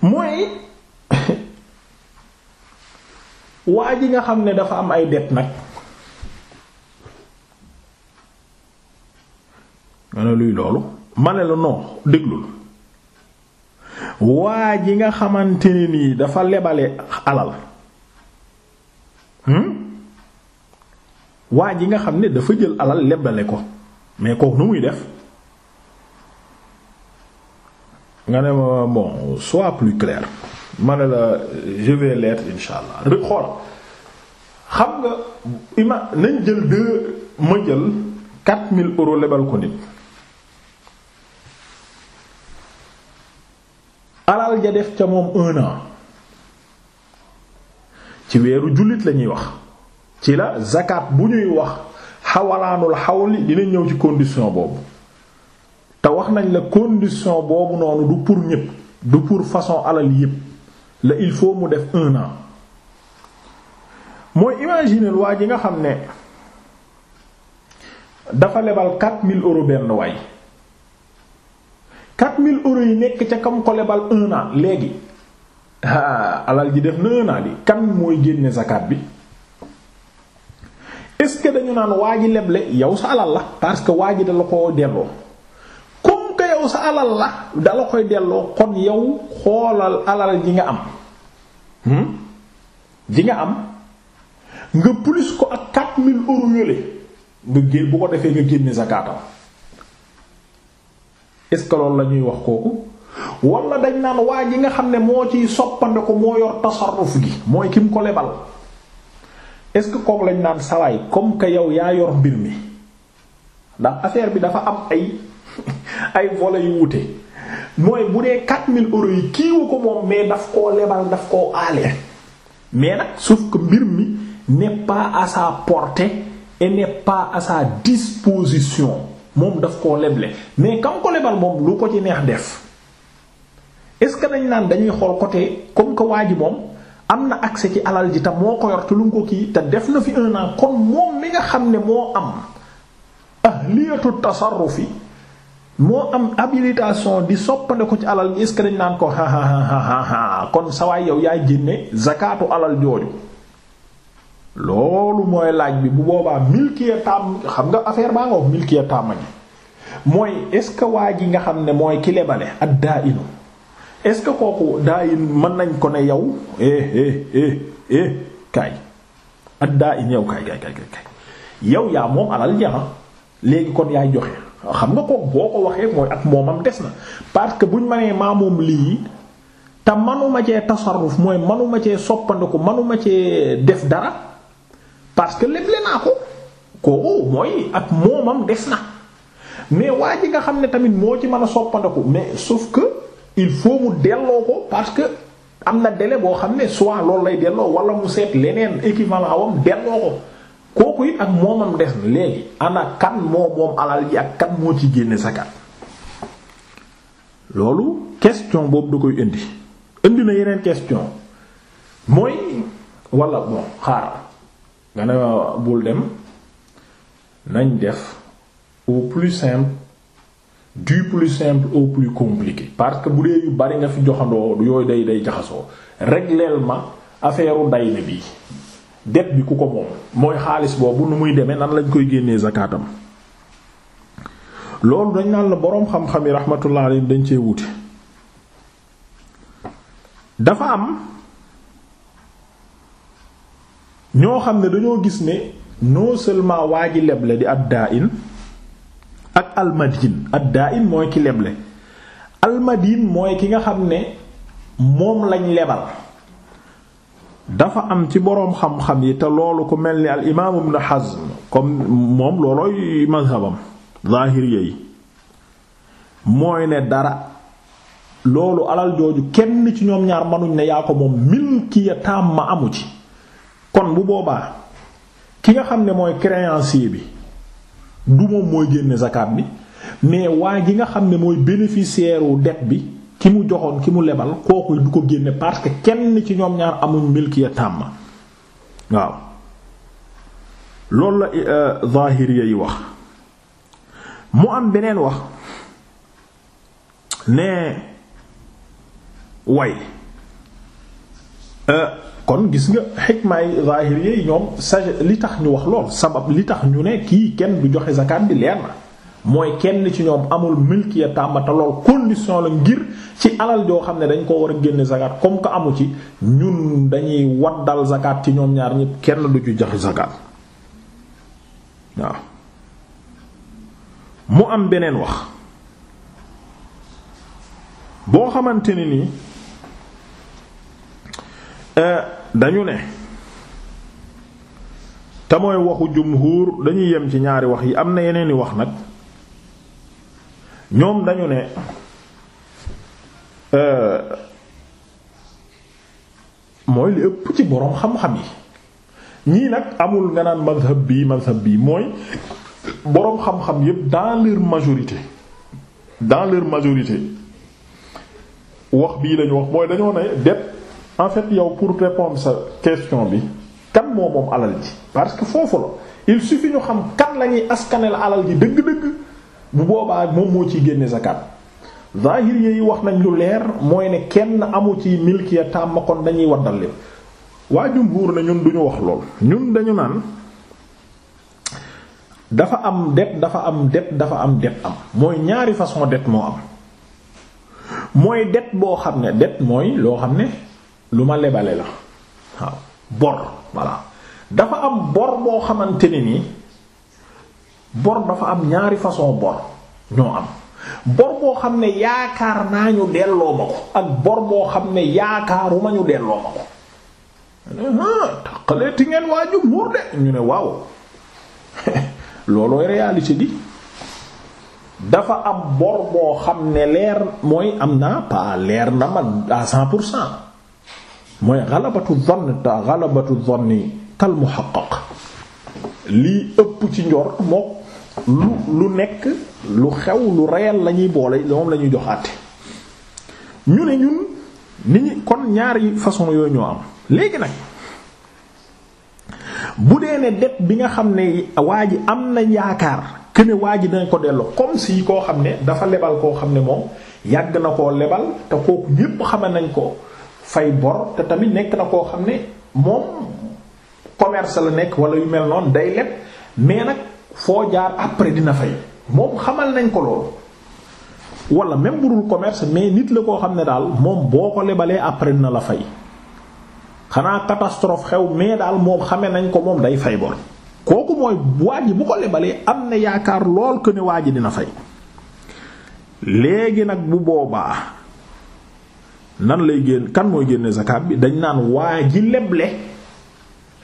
mooy waa ji nga xam ne dafa am ay det nag ma ne luy loolu mane ne la non déglul waa ji nga xamante ne nii dafa lebale alal hmm? waa ji nga xam ne dafa jël alal lebale ko mais kooku nu muy def nga ne ma bon sois plus clair ma la je vais l'être insha allah rek xool xam nga ima nañ jël deux ma jël quatre mille euros lebal ko nit alal ja def ca moom un ci weeru jullit lañuy wax ci la zakat bu ñuy wax xawalaanul xawli dina ñëw ci condition boobu te wax nañ la condition boobu noonu du pour ñépp du pour façon alal yépp la il faut mu def un an mooy imaginer waa ji nga xam ne dafa lebal 4000 euros benn waay 4000 euros yi nekk ca kam ko lebal un an léegi ah alal ji def na un an bi kan mooy génne zakat bi est-ce que dañu naan waa ji leble yow sa alal la parce que waa ji da la ko delloo. yow sa alal la dala koy delloo kon yow xoolal alal ji nga am hmm? ji nga am nga plus ko ak 4000 euros yële nga génn bu ko defee nga génne zakaatam est-ce que la ñuy wax kooku wala dañ naan waa ji nga xam ne moo ciy soppande ko moo yor tasarruf gi mooy ki ko lebal est-ce que kooku lañ naan sawaay comme que yow yaa yor mbir mi ndax affaire bi dafa am ay ay volets yu wute mooy bu dee 4000 heure yi kiiwu ko moom mais daf koo lebal daf koo aale mais nag sauf que mbir mi n'est pas à sa portée et n'est pas à sa disposition moom daf koo leble mais kam ko lebal moom lu ko ci neex def est-ce que dañ naan dañuy xool côté comme que waa ji moom am na accès ci alal ji te moo ko yor te lu ko kii te def na fi un an kon moom mi nga xam ne moo am ahliyatu tasarrufi moo am habilitation di soppande ko ci alal gi est-ce que dañ naan ko ha kon sawaay yow yaay génne zakatu alal jooju loolu mooy laaj bi bu boobaa milkiya tam xam nga affaire baa nga wax milkiya tàmma gi mooy est-ce que waa ji nga xam ne mooy kile lebale ak daa inu est-ce que kooku daa in mën nañ ko ne yow eh eh eh eh kaay ak daa in kaay kaay kaay kaay yaa moom alal jaxa léegi kon yaay joxe xam nga kook boo ko waxee mooy ak moomam des na parce que buñ ma nee maa moom lii te manuma cee tasarruf mooy manuma cee soppandiku manuma cee def dara parce que léble naa ko kooku mooy ak moomam des na mais waa ji nga xam ne tamit moo ci mën a soppandiku mais sauf que il faut mu delloo ko parce que am na délai boo xam ne soit loolu lay delloo wala mu seet leneen équivalent wam delloo ko kooku it ak moomam des na léegi ana kan moo moom alal ji ak kan moo ci génne zakat loolu question boobu du koy indi indi na yeneen question mooy walla bon xaaral nga ne bul dem nañ def au plus simple du plus simple au plus compliqué parce que bu dee yu bari nga fi joxandoo yooyu day day jaxasoo règlement affaire u day na bii det bi ku ko moom mooy xaalis boobu nu muy deme nan lañ koy génnee zakaatam loolu dañ naan la boroom xam-xam yi rahmatullah dañ cee wuti dafa am ñoo xam ne dañoo gis ne non seulement waa ji leble di ad-da'in ak almadin ad-da'in mooy ki leble almadin mooy ki nga xam ne moom lañ lebal dafa am ci boroom xam-xam yi te loolu ku mel ni al imaam ibn Hazm comme moom loolooy mazhabam zahiriya yi mooy ne dara loolu alal jooju kenn ci ñoom ñaar manuñ ne yaa ko moom milkiya tàmma amu ci kon bu boobaa ki nga xam ne mooy créancier bi du moom mooy génne zakat bi mais waaye ji nga xam ne mooy bénéficiaire wu dette bi ki mu joxoon ki mu lebal kooku du ko génne parce que kenn ci ñoom ñaar amuñ milkiya tàmm waaw loolu la euh, zahiriya yi wax mu am beneen wax ne way euh, kon gis nga xikmaay zahiriya yi ñoom sa li tax ñu wax lool sabab li tax ñu ne kii kenn du joxe zakat bi leer na mooy kenn ci ñoom amul milkiya tàmba te lool condition la ngir ci alal joo xam ne dañ ko war a génne zakat comme que amu ci ñun dañuy waddal zakat ci ñoom ñaar ñëpp kenn du ci joxe zakat waaw mu am beneen wax boo xamante ne nii euh, dañu ne te mooy waxu jumhuur dañuy yem ci ñaari wax yi am na yeneen yeneeni wax nag ñoom dañu ne euh, mooy li ëpp ci boroom xam-xam yi ñii nag amul nga naan mazhab bii mazhab bii mooy boroom xam-xam yépp dans leur majorité dans leur majorité wax bii lañu wax mooy dañoo ne det en fait yow pour répondre sa question bi kan moo moom alal ji parce que foofu la il suffit ñu xam kan la ñuy askanel alal ji dëgg-dëgg bu boobaa moom moo ciy génne zakat zahir yi wax nañ lu leer mooy ne kenn amu ci milkiya tàmm kon dañuy waddal lépp waa jumhuur na ñun duñu wax lool ñun dañu naan dafa am det dafa am det dafa am det am mooy ñaari façon det moo am mooy det boo xam ne det mooy loo xam ne lu ma lebale la waaw bor voilà dafa am bor boo xamante ne nii bor dafa am ñaari façon bor ñoo am bor boo xam ne yaakaar naa ñu delloo ma ko ak bor boo xam ne yaakaaruma ñu delloo ma ko eh, taqaleeti ngeen waa jumhur de ñu ne waaw loolooy réalité bi dafa am bor boo xam ne leer mooy am naa pas leer na ma cent mooy xalabatu zann ta xalabatu zanni kal muhaqqaq lii ëpp ci njor mook lu lu nekk lu xew lu reyal lañuy boole moom lañuy jox àtte ñu ne ñun nit kon ñaari façon yooyu ñoo am léegi nag bu dee ne det bi nga xam ne waa ji am na yaakaar këne waa ji dañ ko delloo comme si koo xam ne dafa lebal koo xam ne moom yàgg na koo lebal te kooku yépp xame nañ ko fay bor te tamit nekk na koo xam ne moom commerce la nekk wala yu mel noonu day leb mais nag foo jaar après dina fay moom xamal nañ ko loolu walla même bu dul mais nit la koo xam ne daal moom boo ko lebalee après dina la fay xanaa catastrophe xew mais daal moom xame nañ ko moom day fay bor kooku mooy waa ji bu ko lebalee am na yaakaar lool que ne waa ji dina fay léegi nag bu boobaa nan lay génn kan mooy génne zakat bi dañ naan waa ji leble.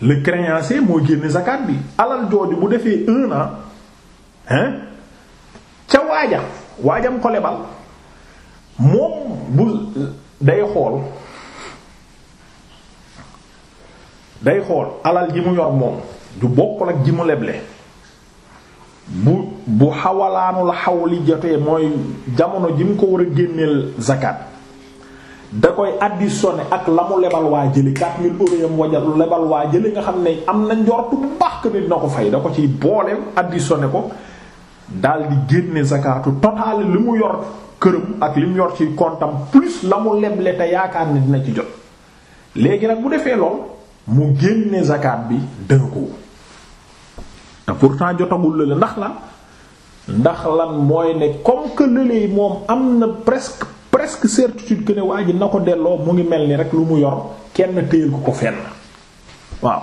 le créancier mooy génne zakat bi alal jooju bu defee un an hein ca waaja waajam ko lebal moom bu day xool day xool alal ji mu yor moom du bokkul ak ji mu leble bu bu xawalaanul xawli jotee mooy jamono ji mu ko war a génneel zakat da koy additionné ak la mu lebal waa jëli 4000 euros yam wajal lebal waa jëli nga xam ne am na njortu bu baax que ni dina ko fay da ko ciy boole additionné ko daal di génne zakatu total li mu yor këram ak li mu yor ci kontam plus la mu leble te yaakaar ni dina ci jot léegi nag bu defee lool mu génne zakat bi dënk ko te pourtant jotagul la ndax la ndax lan mooy ne comme moom am na presque. presque certitude que ne waa ji na ko delloo mu ngi mel ni rek lu mu yor kenn téyel ko ko fenn waaw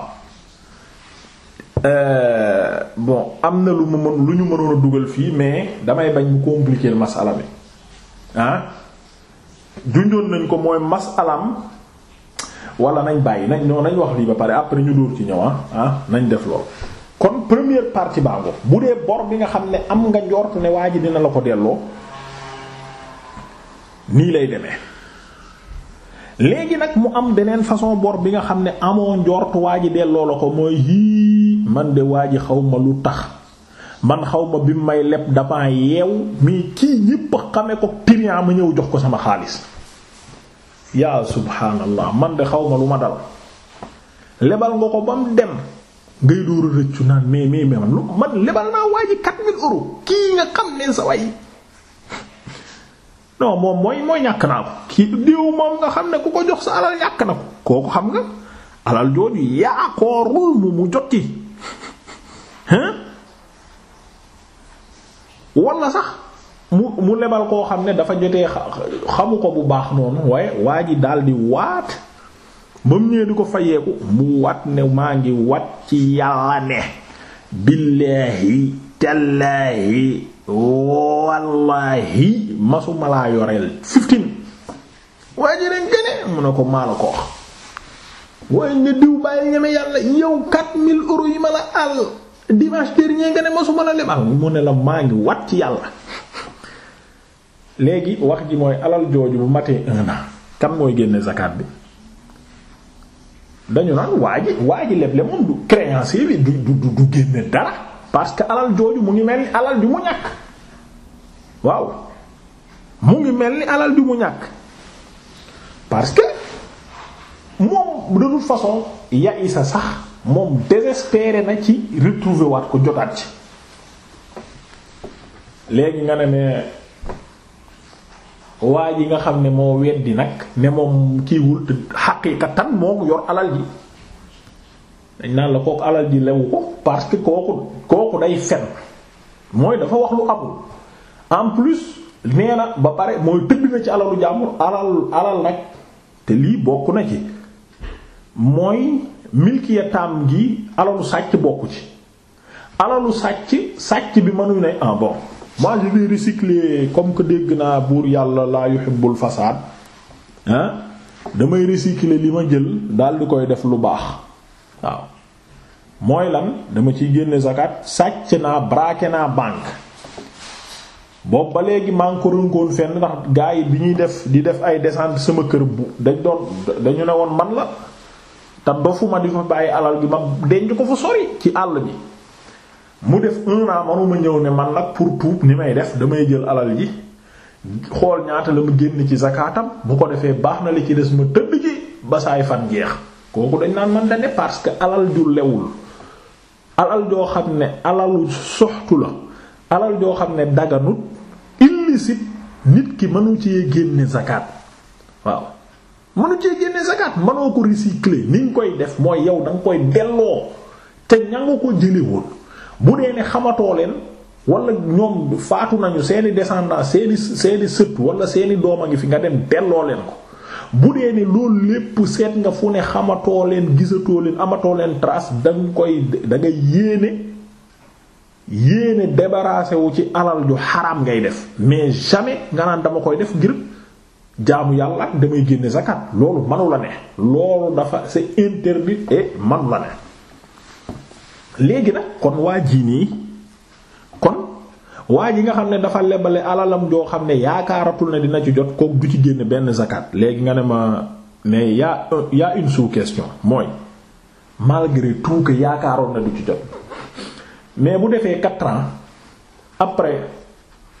euh, bon am na lu mu mën lu ñu mënoon a dugal fii mais damay bañ mu compliquer masala bi ah junjoon nañ ko mooy masalam wala nañ bàyyi nañ non nañ wax lii ba pare après ñu dóor ci ñëw ah? Ah? nañ def lool kon première partie baa ngo bu dee bor bi nga xam ne am nga njort ne waa ji dina la ko delloo nii lay demee léegi nag mu am beneen façon bor bi nga xam ne amoo njort waa ji delloo la ko mooy hii man de waa ji xaw ma lu tax man xaw ma bi may leb damaa yeew mais kii ñépp xame ko client ma ñëw jox ko sama xaalis yaa subhaanallah man de xaw ma lu ma dal lebal nga ko ba mu dem ngay dóor a naan mais mais mais man lebal naa waa ji 4000 euros kii nga xam ne sa way non moom mooy mooy ñàkk naa ko kii diw moom nga xam ne ku ko jox sa alal ñàkk na ko kooku xam nga alal jooju yaakoorul mu mu jot ci walla sax mu mu lebal koo xam ne dafa jotee xamu ko bu baax noonu waaye waa ji daldi waat ma mu ñëwee di ko fayeeku mu wat ne maa ngi wat ci yàlla ne billaahi tallaahi wallahi masuma laa yoreel fifteen waaye ji leen gëne mu ne ko maa la ko wax waaye nga diw bàyyi ñeme yàlla yow 4000 euros yi ma la àll dimanche dernier nga ne masuma lebal mu ne la maa ngi wat ci yàlla léegi wax ji mooy alal jooju bu matee un kam mooy génne zakat bi dañu naan waa ji waa ji du créancier bi du du du génne dara parce que alal jooju mu ngi mel ni alal ju mu ñàkk waaw mu ngi mel ni alal ju mu ñàkk parce que moom de toute façon yaisa sax moom désespéré na ci retrouver waat ko jotaat ji léegi nga ne ne waa ji nga xam ne moo weddi nag ne moom kiiwul xaqiiqatan moo yor alal ji dañ naan la kooku alal ji lewu ko parce que kooku kooku day fen mooy dafa wax lu amul en plus nee na ba pare mooy tëdd na ci alalu jàmbur alal alal nag te lii bokk na ci mooy milkiyataam gi alalu sàcc bokk ci alalu sàcc sàcc bi mënuñu ne en ah bon moi je vais comme que dégg naa buur yàlla laa yuhibbul fasaad damay recycler li ma jël daal di koy def lu baax waaw mooy lan dama ciy génne zakat sàcc naa braqué naa banque boobu ba léegi maa ngi ko rënkoon fenn ndax gars yi bi ñuy def di def ay descente sama kër bu dañ doon dañu ne woon man la te dofuma di fa bàyyi alal gi ma denc ko fa sori ci àll bi mu def un an manuma ñëw ne man nag pour tuub ni may def damay jël alal ji xool ñaata la mu génn ci zakaatam bu ko defee baax na li ci des ma tëdd ji ba saay fan jeex kooku dañ naan man da parce que alal ju lewul alal joo xam ne alalu soxtu la alal joo xam ne daganut illicite nit ki mënu cee génne zakat waaw mënu cee génne zakat mënoo ko recycler ni nga koy def mooy yow da nga koy delloo te ña ko jëlee woon bu dee ne xamatoo leen wala ñoom faatu nañu seeni descendants seeni seeni sët wala seeni doom a ngi fi nga dem delloo leen ko. bu dee ne loolu lépp seet nga fu ne xamatoo leen gisatoo leen amatoo leen trace danga koy da nga yéene yéene débarrassé wu ci alal ju xaraam ngay def mais jamais nga naan dama koy def ngir jaamu yàlla damay génne zakat loolu manu la ne loolu dafa c'est interdit et manu la ne léegi na kon waa jii nii waa ji nga xam ne dafa lebale alalam joo xam ne yaakaaratul ne dina ci jot kook du ci génn benn zakat léegi nga ne ma mais y'a y'a une sous-question mooy malgré tout que yaakaaroon na du ci jot mais bu defee quatre ans après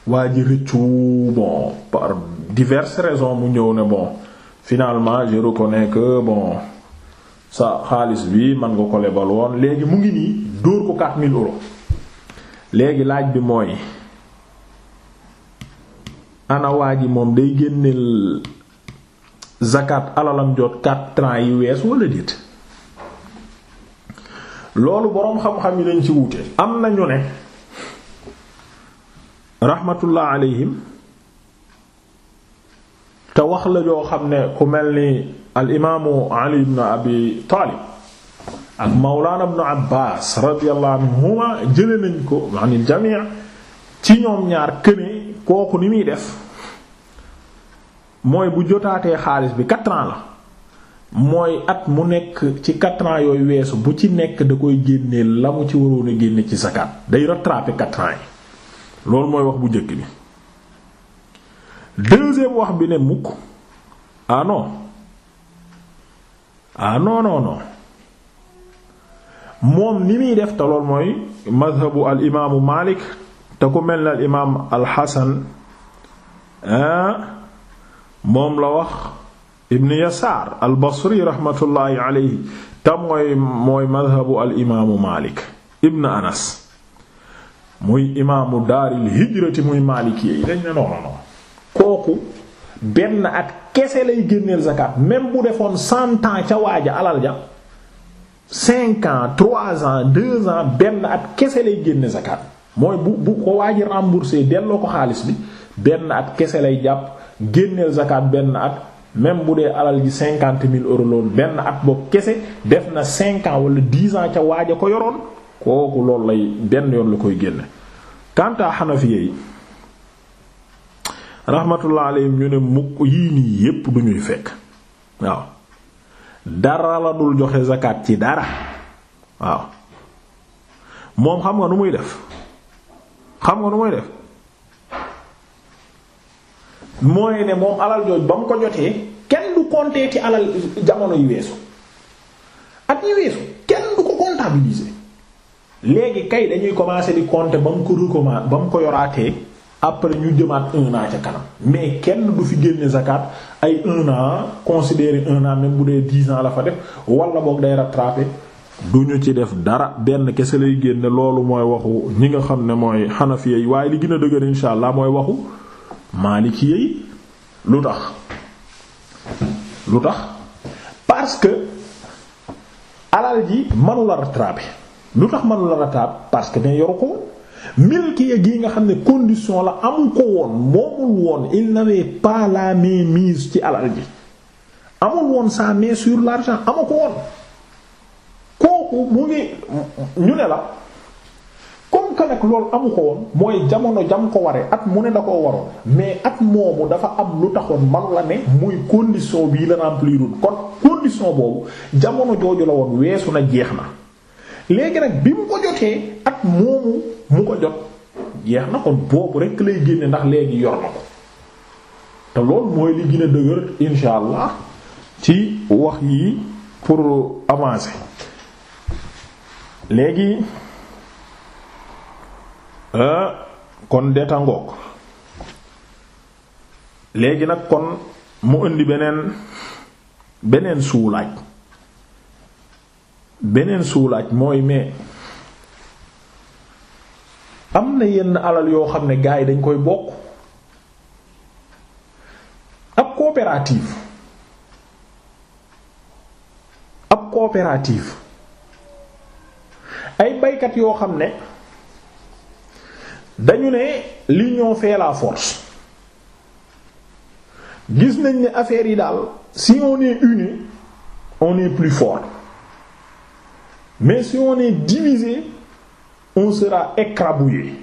waa ji rëccu bon par diverses raisons mu ñëw ne bon finalement je reconnais que bon sa xaalis bi man nga ko lebal woon léegi mu ngi nii dóor ko 4000 euros léegi laaj bi mooy ana waa ji moom day génneel zakat alalam jot quatre ans yi wees wala déet loolu boroom xam-xam yi dañ ci wuute am na ñu ne rahmatullah alayhim te wax la joo xam ne ku mel ni al imaamu ali ibn abi taalib ak mawlaana ibn abbas radiyallahu jële nañ ko anil jamii ci ñoom ñaar këne kooku ni muy def mooy bu jotaatee xaalis bi quatre la mooy at mu nekk ci quatre ans yooyu weesu bu ci nekk da koy génnee lamu ci waroon a génne ci zakat day rattraper quatre yi loolu mooy wax bu njëkk bi deuxième wax bi ne mukk ano ah non ah non moom ni muy def te loolu mooy mazhabu al imaamu Malik te ku mel ne al imaam alxasan ah, moom la wax ibn yasaar al basri raxmatullaahi aleyhi te mooy mooy madhabu al imaamu maalik ibn anas muy imaamu daaril hijrati muy maalik yi kooku benn at kese lay génneel zakat même bu defoon cent ans ca waaja alal ja cinq trois ans deux ans benn at kese lay génne zakat mooy bu bu ko waaji remboursé delloo ko xaalis bi benn at kese lay jàpp génneel zakat benn at même bu dee alal ji cinquante mille euros loon benn at boobu kese def na cinq ans wala dix ans ca waaja ko yoroon kooku loolu lay benn yoon la koy génne quant à Hanafiya yi rahmatullah alayhim ñu ne mukk yii nii yépp du fekk waaw dara la dul joxe zakat ci dara waaw moom xam nga nu muy def xam nga nu mooy def mooy ne moom alal jooj ba mu ko jotee kenn du compter ci alal jamono yu weesu ak yu weesu kenn du ko comptabiliser léegi kay dañuy commencer di compter ba mu ko recommen ba mu ko yoraatee après ñu jëmaat un an ca kanam mais kenn du fi génne zakat ay un an considérer un bu dee dix ans la fa def wala boog day rattraper du ñu ci def dara benn kese lay génne loolu mooy waxu ñi nga xam ne mooy xanafiya yi waaye li gën a dëgër insha allah mooy waxu maalikiya yi lu tax lu tax parce que alal ji manula rattraper lu tax manula rattraper parce que ne yoru ko milkiya nga xam ne condition la amu ko woon moomul woon il n'avait pas la main mise ci alal ji amul woon sa main sur l'argent amu ko woon kooku mu ne la comme que nag loolu amu ko woon mooy jamono jam ko waree at mu ne da koo waroon mais at moomu dafa am lu taxoon manu la ne muy condition bii la remplirul kon condition boobu jamono jooju la woon weesu na jeex na léegi nag bi mu ko jotee at moomu mu ko jot jeex na kon boobu rekk lay génne ndax léegi yor na ko te loolu mooy li gën a dëgër insha allah ci wax yi pour avancer léegi euh, kon deta ngoog léegi nag kon mu indi beneen beneen suulaaj beneen suulaaj mooy mais am na yenn alal yoo xam ne gars yi dañ koy bokk ab coopérative ab coopérative ay baykat yoo xam ne dañu ne l'union fait la force gis nañ ne affaire yi daal si on est uni on est plus fort mais si on est divisé on sera écrabouillé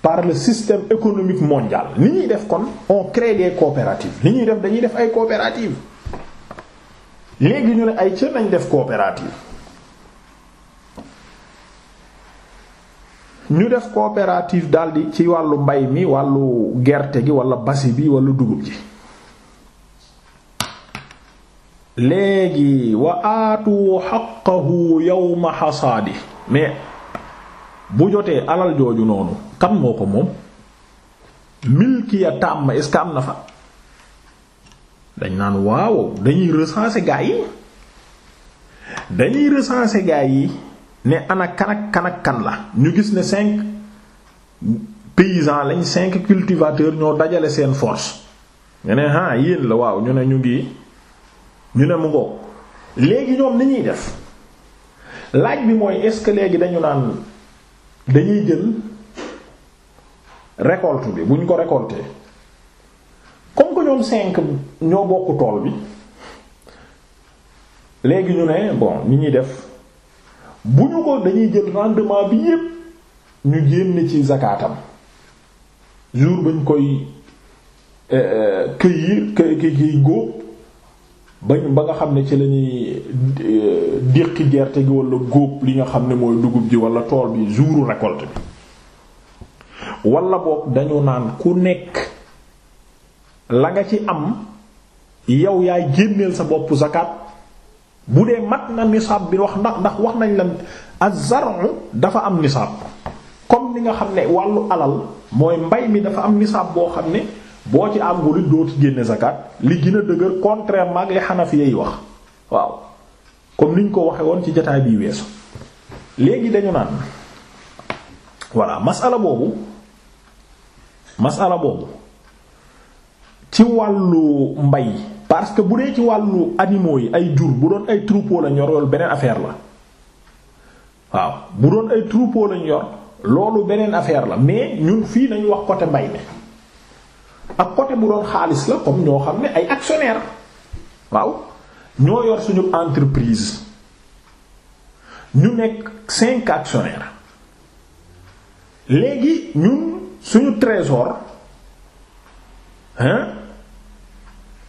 par le système économique mondial li ñuy def kon on crée des coopératives li ñuy def dañuy def ay coopératives léegi ñu ne ay ca nañ def coopérative ñu def coopérative daldi ci wàllu mbay mi wàllu gerte gi walla basi bi wallu dugub ji léegi wa aatu xaqahu yawma xasaadi mais bu jotee alal jooju noonu kan moo ko moom milkiya tàmm est-ce am na fa dañ naan waaw dañuy recenser gaa yi dañuy recenser gaa yi ne ana kan ak kan la ñu gis ne cinq paysans lañ cinq cultivateurs ñoo dajale seen force ñu ne ah yéen la waaw ñu ne ñu ngi ñu ne mu ngoog léegi ñoom ni ñuy def laaj bi mooy est-ce que léegi dañu naan dañuy jël récolte bi buñ ko récolter comme que ñoom cinq ñoo bokk tool bi léegi ñu ne bon ni ñuy def. bu ñu ko dañuy jël rendement bi yépp ñu génn ci zakaatam jour bañ koy këyir këy këy góob bañ ba nga xam ne ci lañuy eh, déqi gerte gi walla góob li nga xam ne mooy dugub ji wala tool bi jouru récolte bi wala boog dañu naan ku nekk la nga ci am yow yaay génneel sa bopp zakat bu dee mat na nisaab bi wax ndax ndax wax nañ la az-zar'u dafa am nisaab comme ni nga xam ne wàllu alal mooy mbay mi dafa am nisaab boo xam ne boo ci àggul it doo ci génne zakat li gën a dëgër contrairement ak li Hanafi yi wax waaw comme niñ ko waxe woon ci jotaay bii weesu léegi dañu naan voilà masala boobu masala boobu ci wàllu mbay parce que bu dee ci wàllu animaux yi ay jur bu doon ay troupeau lañ yor loolu beneen affaire la waaw bu doon ay troupeau lañ yor loolu beneen affaire la mais ñun fii nañu wax côté mbay mi ak côté bu doon xaalis la comme ñoo xam ne ay actionnaire waaw ñoo yor suñu entreprise ñu nekk cinq actionnaires léegi ñun suñu trésor hein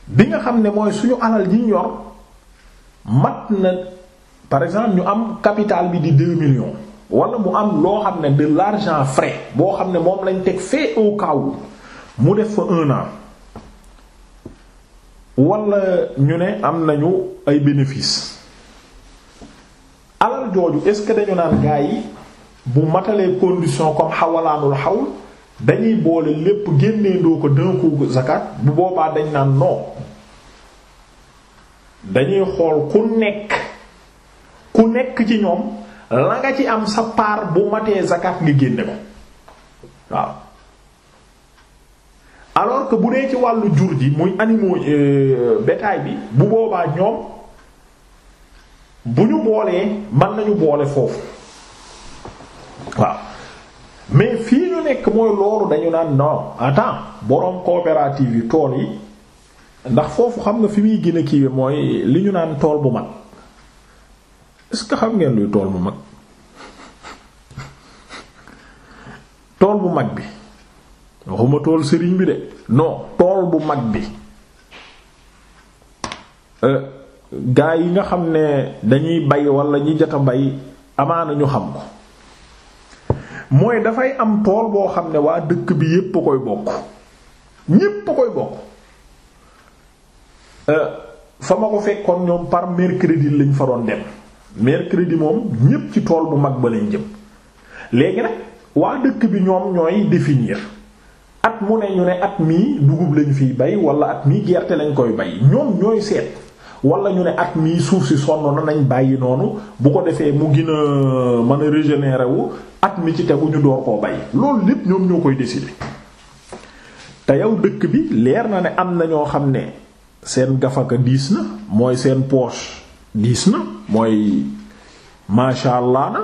bi nga xam ne mooy suñu alal ji yor mat na par exemple ñu am capital bi di deux millions wala mu am loo xam ne de l'argent frais boo xam ne moom lañ teg fee au cas mu def fa un an wala ñu ne am nañu ay bénéfices alal jooju est-ce que dañu naan gaa yi bu matalee condition comme xawalaanul xawl dañuy boole lépp génnee doo ko d'un coup zakat bu boobaa dañ naan non dañuy xool ku nekk ku nekk ci ñoom la nga ci am sa part bu matee zakat nga génne ko waaw alors que bu dee ci wàllu jur ji muy animaux euh, betaay bi bu boobaa ñoom bu ñu boolee mën nañu boole foofu waaw mais fii ñu nekk mooy loolu dañu naan non attends boroom coopérative yi tool yi ndax foofu xam nga fi muy gën a kiiwe mooy li ñu naan tool bu mag est-ce que xam ngeen luy tool bu mag tool bu mag bi waxuma tool sëriñ bi de non tool bu mag bi euh, gaa yi nga xam ne dañuy bay walla ñi jot a bay amaana ñu xam ko mooy dafay am tool boo xam ne waa dëkk bi yépp koy bokk ñépp koy bokk euh, fa ma ko fekkoon ñoom par mercredi lañ fa doon dem mercredi moom ñépp ci tool bu mag ba lañ jëm léegi nag waa dëkk bi ñoom ñooy définir at mu ne ñu ne at mii dugub lañ fiy bay wala at mii gerte lañ koy bay ñoom ñooy seet wala ñu ne at mii suuf si sonn na nañ bàyyi noonu bu ko defee mu gina a mën a régénérer wu at mi ci tegu ñu door ko bay loolu lépp ñoom ñoo koy décider te yow dëkk bi leer na ne am na ñoo xam ne seen gafaka diis na mooy seen poche diis na mooy macha allah na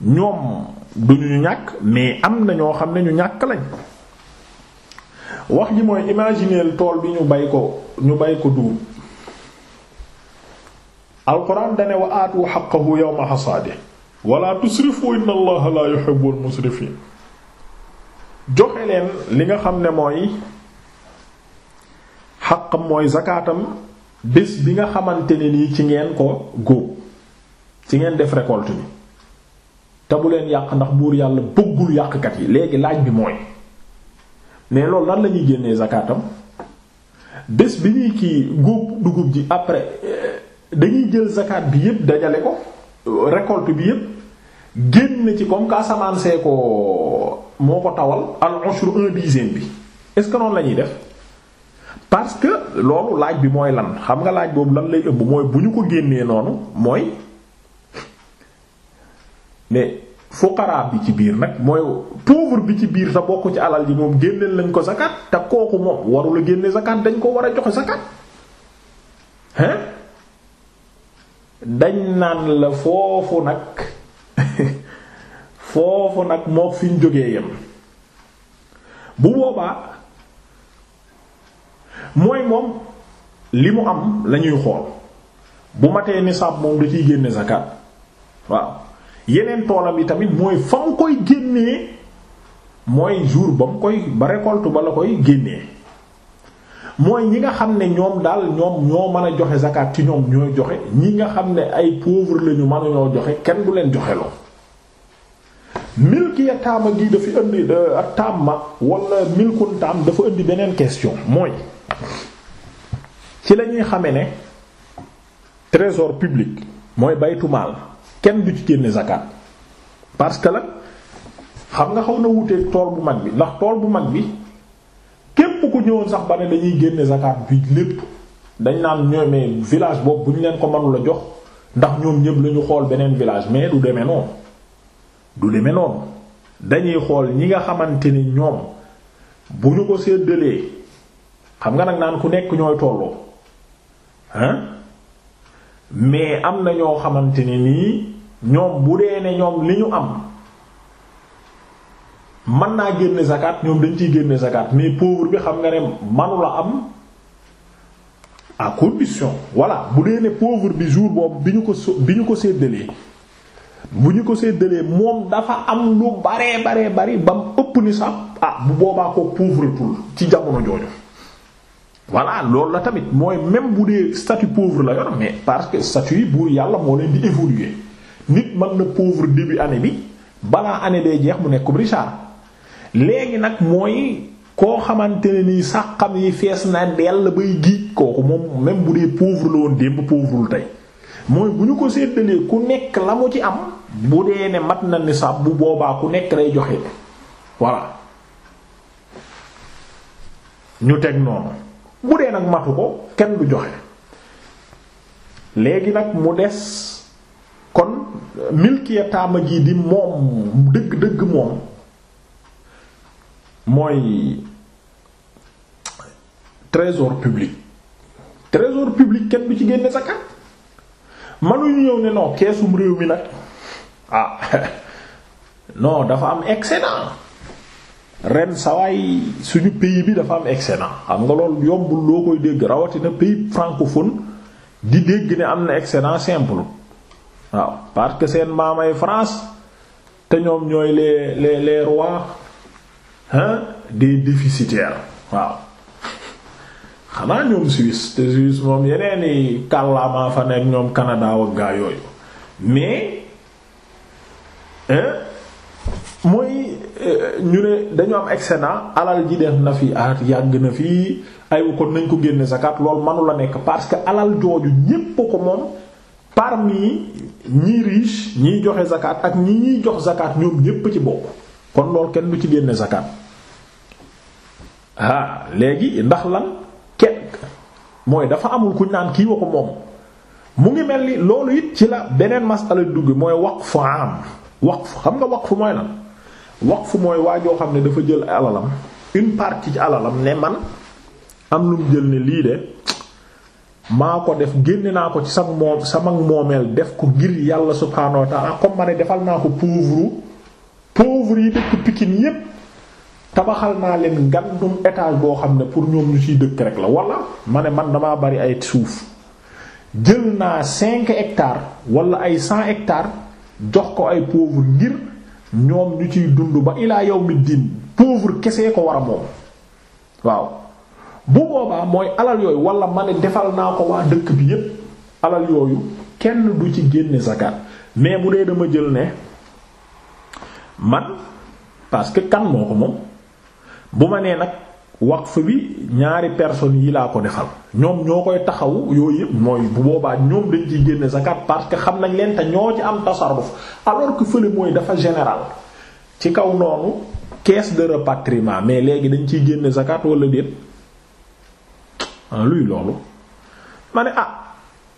ñoom du ñu ñàkk mais am na ñoo xam ne ñu ñàkk lañ wax ji mooy imaginer tool bi ñu bay ko ñu bay ko dugub alquran dane wa aatu haqqahu yawma hasaadi wala tusrifu inna allaha la yuhibbul musrifin joxe leen li nga xam ne mooy xaqam mooy zakaatam bés bi nga xamante ne nii ci ngeen ko góob ci ngeen def récolte bi te bu leen yàq ndax buur yàlla bëggul yàqkat yi léegi laaj bi mooy mais loolu lan lañuy génnee zakaatam bés bi ñuy kii góob dugub ji après dañuy jël zakat bi yépp dajale ko récolte bi yépp génn na ci comme que asamaan see ko moo ko tawal al ushru un dixième bi est-ce que noonu la ñuy def parce que loolu laaj bi mooy lan xam nga laaj boobu lan lay ëmb mooy bu ñu ko génnee noonu mooy mais fuqara bi ci biir nag mooy pauvre bi ci biir te bokk ci alal ji moom génneel lañ ko zakat te kooku moom warula génne zakat dañ ko war a joxe zakat hein dañ naan la foofu nag foofu nag moo fi ñu jógee bu boobaa mooy moom li mu am lañuy xool bu matee nisaab moom da ciy génne zakat waaw yeneen toolam yi tamit mooy fa mu koy génnee mooy jour ba mu koy ba récolte ba la koy génnee mooy ñi nga xam ne ñoom daal ñoom ñoo mën a joxe zakat ci ñoom ñooy joxe ñi nga xam ne ay pauvre lañu ñoo joxe kenn bu leen joxe loo milkiya taama gi dafa indi ak tamma walla milkun taam dafa indi beneen question mooy ci lañuy xame ne trésor public mooy baytu maal kenn du ci génne zakat parce que la xam nga xaw na wuteeg tool bu mag bi ndax tool bu mag bi ku ñëwoon sax ba ne dañuy génne zakat bi lépp dañ naan ñoomee village boobu bu ñu leen ko mënula jox ndax ñoom ñëpp lañu xool beneen village mais du demee noonu du demee noonu dañuy xool ñi nga xamante ni ñoom bu ñu ko séddalee xam nga nag naan ku nekk ñooy tolloo hein mais am na ñoo xamante ni nii ñoom bu dee ne ñoom li ñu am mën naa génne zakat ñoom dañ ciy génne zakat mais pauvre bi xam nga ne manula am à condition voilà bu dee ne pauvre bi jour boobu bi ñu ko bi ñu ko séddalee bu ñu ko séddalee moom dafa am lu baree baree bari ba ëpp ni sax ah bu boobaa ko pauvretul ci jamono jooju voilà loolu la tamit mooy même bu dee statut pauvre la yor mais parce que statut yi buur yàlla moo leen di évoluer nit mën na pauvre début année bi balaa année day jeex mu nekk comme léegi nag mooy koo xamante ne nii sàqam yi fees na dell bay giij kooku moom même bu dee pauvre la woon démb pauvre tey mooy bu ñu ko séddalee ku nekk la mu ci am bu dee ne mat na sax bu boobaa ku nekk lay joxe voilà ñu teg noonu dee nag matu ko kenn du joxe léegi nag mu des kon milkiya taama ji di moom dëgg-dëgg moom mooy trésor public trésor public kenn du ci génne zakat manuñu ñëw ne non keesum réew mi nag ah non dafa am excédent ren sawaay suñu pays bi dafa am excédent xam nga loolu yombul loo koy dégg rawatina pays francophone di dégg ne am na excédent simple waaw parce que seen maamay France te ñoom ñooy les les les rois. hein des déficitaires waaw xanaa ñoom Suisse te Suisse moom yeneen kàllaamaa fa nekk ñoom Canada wak gaa yooyu mais mooy euh, ñu ne dañu am excédent alal ji def na fi at ah, yàgg na fi ayu kon nañ ko génne zakat lool manu la nekk parce que alal jooju ñépp ko moom parmi ñi riche ñiy joxe zakat ak ñi ñuy jox zakat ñoom ñépp ci bokk kon loolu kenn du ci génne zakat ah léegi ndax lan kenn mooy dafa amul kuñ naan kii wa ko moom mu ngi mel ni loolu it ci la beneen masala dugg mooy wax waqfu am fu xam nga wax waqfu mooy lan waqfu mooy waajoo xam ne dafa jël alalam une partie ci alalam ne man am lu jël ne lii de maa ko def génn naa ko ci sama moom sama moomeel def ko ngir yàlla subhaanahu wa ta'ala ne defal naa ko pauvre pauvre yi dëkk Pikine yépp tabaxal naa leen ngandum étage boo xam ne pour ñoom ñu ciy dëkk rek la wala ma ne man damaa bari ay suuf jël naa cinq hectares wala ay cent hectares jox ko ay pauvre ngir ñoom ñu ciy dund ba ilaa yawmi diin pauvre kese ko war a moom waaw bu boobaa mooy alal yooyu wala ma ne defal naa ko waa dëkk bi yépp alal yooyu kenn du ci génne zakat mais bu dee dama jël ne man parce que kan moo ko moom bu ma nee nag waqf bi ñaari personnes yi laa ko defal ñoom ñoo koy taxaw yooyu yëpp mooy bu boobaa ñoom dañ ciy génne zakat parce que xam nañ leen te ñoo ci am tasarruf alors que fële mooy dafa général ci kaw noonu caisse de rapatriement mais léegi dañ ciy génne zakat wala déet ah luy loolu ma ne ah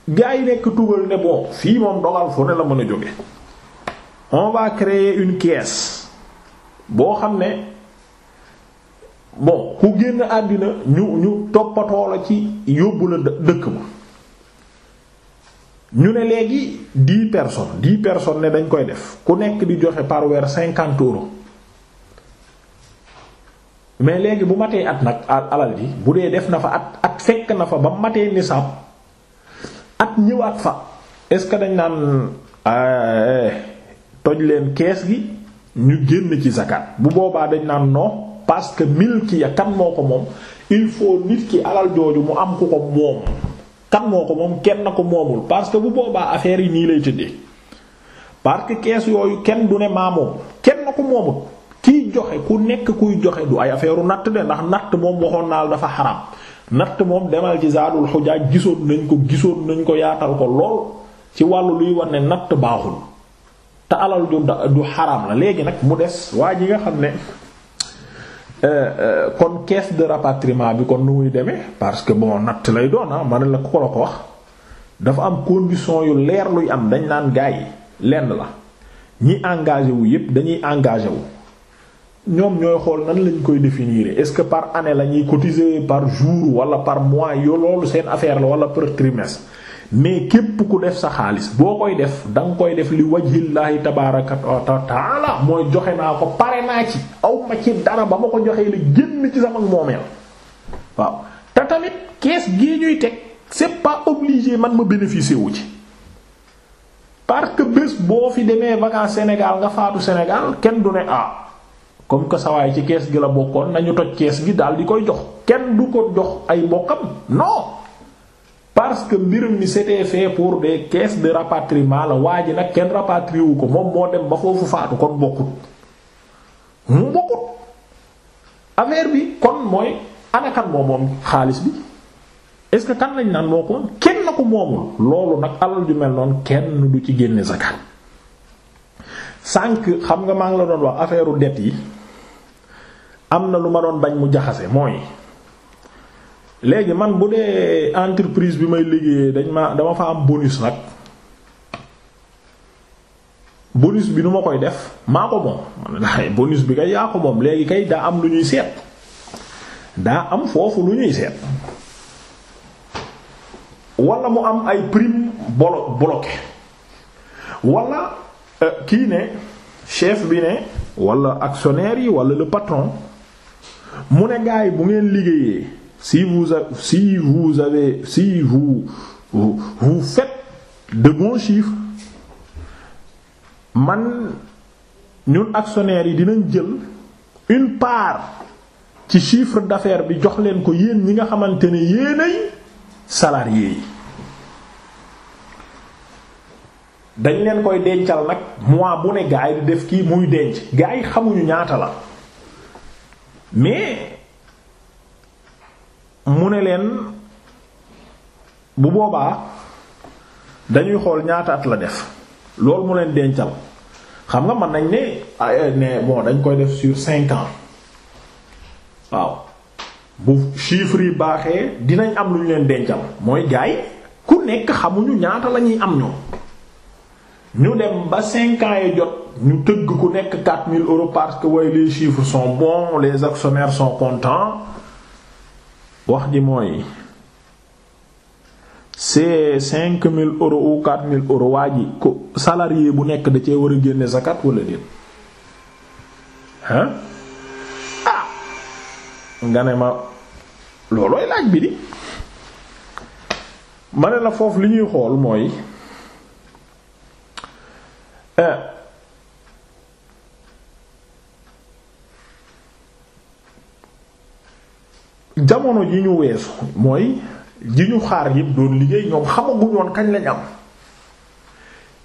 gars yi nekk tugal ne bon fii moom dogal fu ne la mën a jóge on créer une caisse boo xam ne. bon ku génn àddina ñu ñu toppatoo la ci yóbbu la dëkk ba ñu ne léegi dix personnes dix personnes ne dañ koy def ku nekk di joxe par weer cinquante euros mais léegi bu matee at nag alal ji bu dee def na fa at at fekk na fa ba matee nisaab at ñëwaat fa est-ce que dañ naan ah, eh, toj leen kees gi ñu génn ci zakat bu boobaa dañ naan noo parce que milki ya kan moo ko moom il faut nit ki alal jooju mu am ku ko moom kan moo ko moom kenn ko moomul parce que bu boobaa affaire yi nii lay tëddee parce que kees yooyu kenn du ne maa moom kenn ko moomul kiy joxe ku nekk kuy joxe du ay affaire natt de ndax natt moom waxoon naa dafa xaram natt moom demal ci zaadul xujaaj gisoon nañ ko gisoon nañ ko yaatal ko lool ci wàllu luy wane natt baaxul te alal ju du xaram la léegi nag mu des waa ji nga xam ne. Euh, euh, kon caisse de rapatriement bi kon nu muy demee parce que bon natt lay doon a ah, man la ko la ko wax dafa am condition yu leer luy am dañ naan gaa lenn la ñi engagé wu yépp dañuy engagé wu. ñoom ñooy xool nan lañ koy définir est-ce que par anne la ñuy cotiser par jour wala par mois yo loolu seen affaire la wala par trimestre mais képp ku def sa xaalis boo koy def danga koy def li wajhillaahi tabaaraka wa mooy joxe naa ko pare naa ci aw ma ci dara ba ma ko joxee la génn ci sama moomeel waaw te tamit kees gi ñuy teg c'est pas obligé man ma bénéficier wu ci parce bés boo fi demee vacances senegaal nga faatu Sénégal kenn du ne ah comme que sawaay ci kees gi la bokkoon nañu toj kees gi daal di koy jox kenn du ko jox ay bokkam non parce que mbir mi c'était pour des caisses de rapatriement la waa ji nag kenn rapatrié wu ko moom moo dem ba foofu faatu kon bokkut mu bokkut affaire bi kon mooy ana moom xaalis bi est ce que kan lañ naan moo ko kenn na ko moomul loolu nag alal ju mel noon kenn du ci génne zakat sànq xam nga maa ngi la doon wax affaire u dette yi am na lu ma doon bañ mu jaxase mooy. léegi man bu dee entreprise bi may liggéeyee dañ ma dama fa am bonus nag bonus bi nu ma koy def maa ko moom man daay bonus bi kay yaa ko moom léegi kay daa am lu ñuy seet daa am foofu lu ñuy seet walla mu am ay prime bolo bloqué wala euh, kii ne chef bi ne wala actionnaire yi wala le patron mu ne gaay bu ngeen liggéeyee si vous si vous avez si vous vous, vous faites de bons man ñun actionnaires yi dinañ jël une part ci chiffre d'affaires bi jox leen ko yéen ñi nga xamante ne yéenay salariés yi dañ leen koy dencal nag mois bu ne gaa di def kii muy denc gaa yi xamuñu ñaata la mais mu ne leen bu boobaa dañuy xool ñaata at la def loolu mu leen dencal xam nga mën nañ ne ne bon dañ koy def sur cinq ans waaw bu chiffre yi baaxee dinañ am lu ñu leen dencal mooy gaay ku nekk xamuñu ñaata la ñuy am ñoom ñu dem ba cinq ans yi jot ñu tëgg ku nekk quatre mille euro parce que way les chiffres sont bons les actionnaires sont contents wax ji mooy c'est cinq mille euros ou quatre mille euros waa ji ko salarié bu nekk da cee war a génne zakat wala déet ah nga ne ma loolooy laaj bi di ma ne la foofu li ñuy xool mooy. Eh, jamono ji ñu weesu mooy ji ñu xaar yëpp doon liggéey ñoom xamaguñu woon kañ lañ am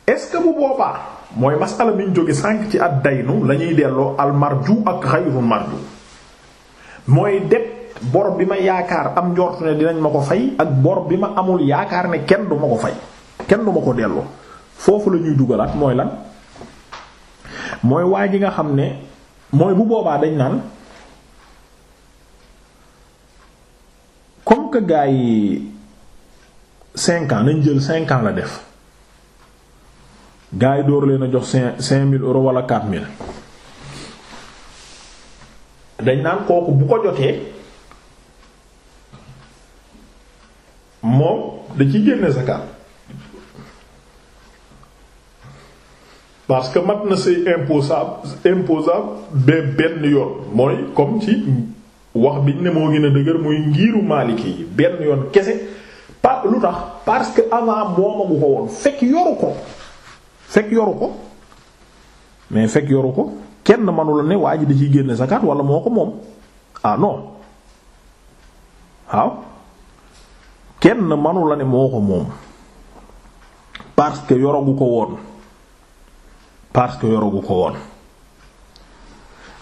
est-ce que bu boobaa mooy masala mi ñu jóge sànq ci at daynu lañuy ñuy delloo almarju ak xayru marju mooy det bor bi ma yaakaar am njort ne dinañ ma ko fay ak bor bi ma amul yaakaar ne kenn du ma ko fay kenn du ma ko delloo foofu la ñuy dugalaat mooy lan mooy waa ji nga xam ne mooy bu boobaa dañ naan. que gars yi cinq ans nañ jël la def gars yi leen a jox cinq cinq mille euros wala quatre mille dañ naan kooku bu ko jotee moom da ciy génne zakat parce mat na say imposable imposable benn yoon mooy comme ci wax bi ne moo gën a dëgër mooy ngiiru Maliki yi benn yoon kese pa lu tax parce que avant moomagu ko woon fekk yoru ko fekk yoru ko mais fekk yoru ko kenn manula ne waa ji da ciy génne zakat wala moo ko moom ah non waaw kenn manula ne moo ko parce que yoragu ko ko woon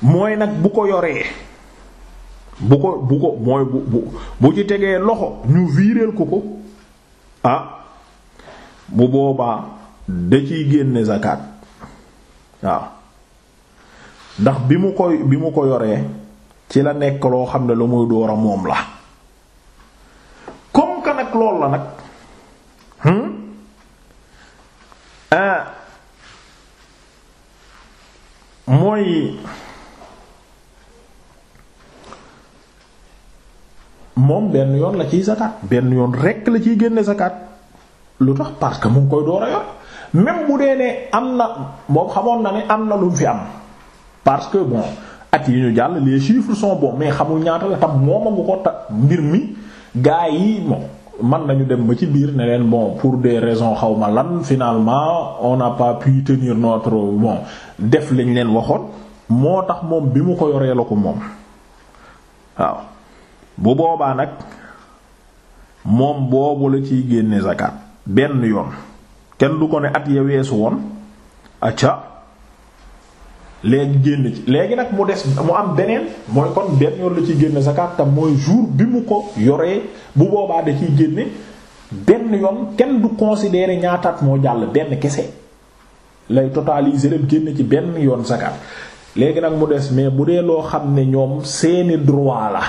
mooy nag bu ko yoree bu ko bu ko mooy bu bu bu ci tegee loxo ñu viireel ko ko ah bu boobaa da ciy génne zakat waaw ndax bi mu koy bi mu ko yoree ci la nekk loo xam ne lu muy door moom la comme que lool la nag hmm euh, mooy moom benn yoon la ciy zakat benn yoon rekk la ciy génne zakat lu tax parce que mu ngi koy door a yor même bu dee ne am na moom xamoon na ne am na lu fi am parce que bon at yi ñu jàll les chiffres sont bons mais xamul ñaata la tam a ko ta mbir mi gaa yi moom man nañu dem ba ci biir ne leen bon pour de raisons xaw ma lan finalement on n'a pas pu tenir notre bon def lañ leen waxoon moo tax moom bi mu ko yoree la ko moom waaw bu boobaa nag moom boobu la ciy génne zakat benn yoon kenn du ko ne at ya weesu woon acca léegi génn ci léegi nag mu des mu am beneen mooy kon benn yoon la ciy génne zakat tam mooy jour bi mu ko yoree bu boobaa da ciy génne benn yoon kenn du considérer ñaataat moo jàll benn kese lay totaliser lépp génn ci benn yoon zakat léegi nag mu des mais bu dee loo xam ne ñoom seeni droit la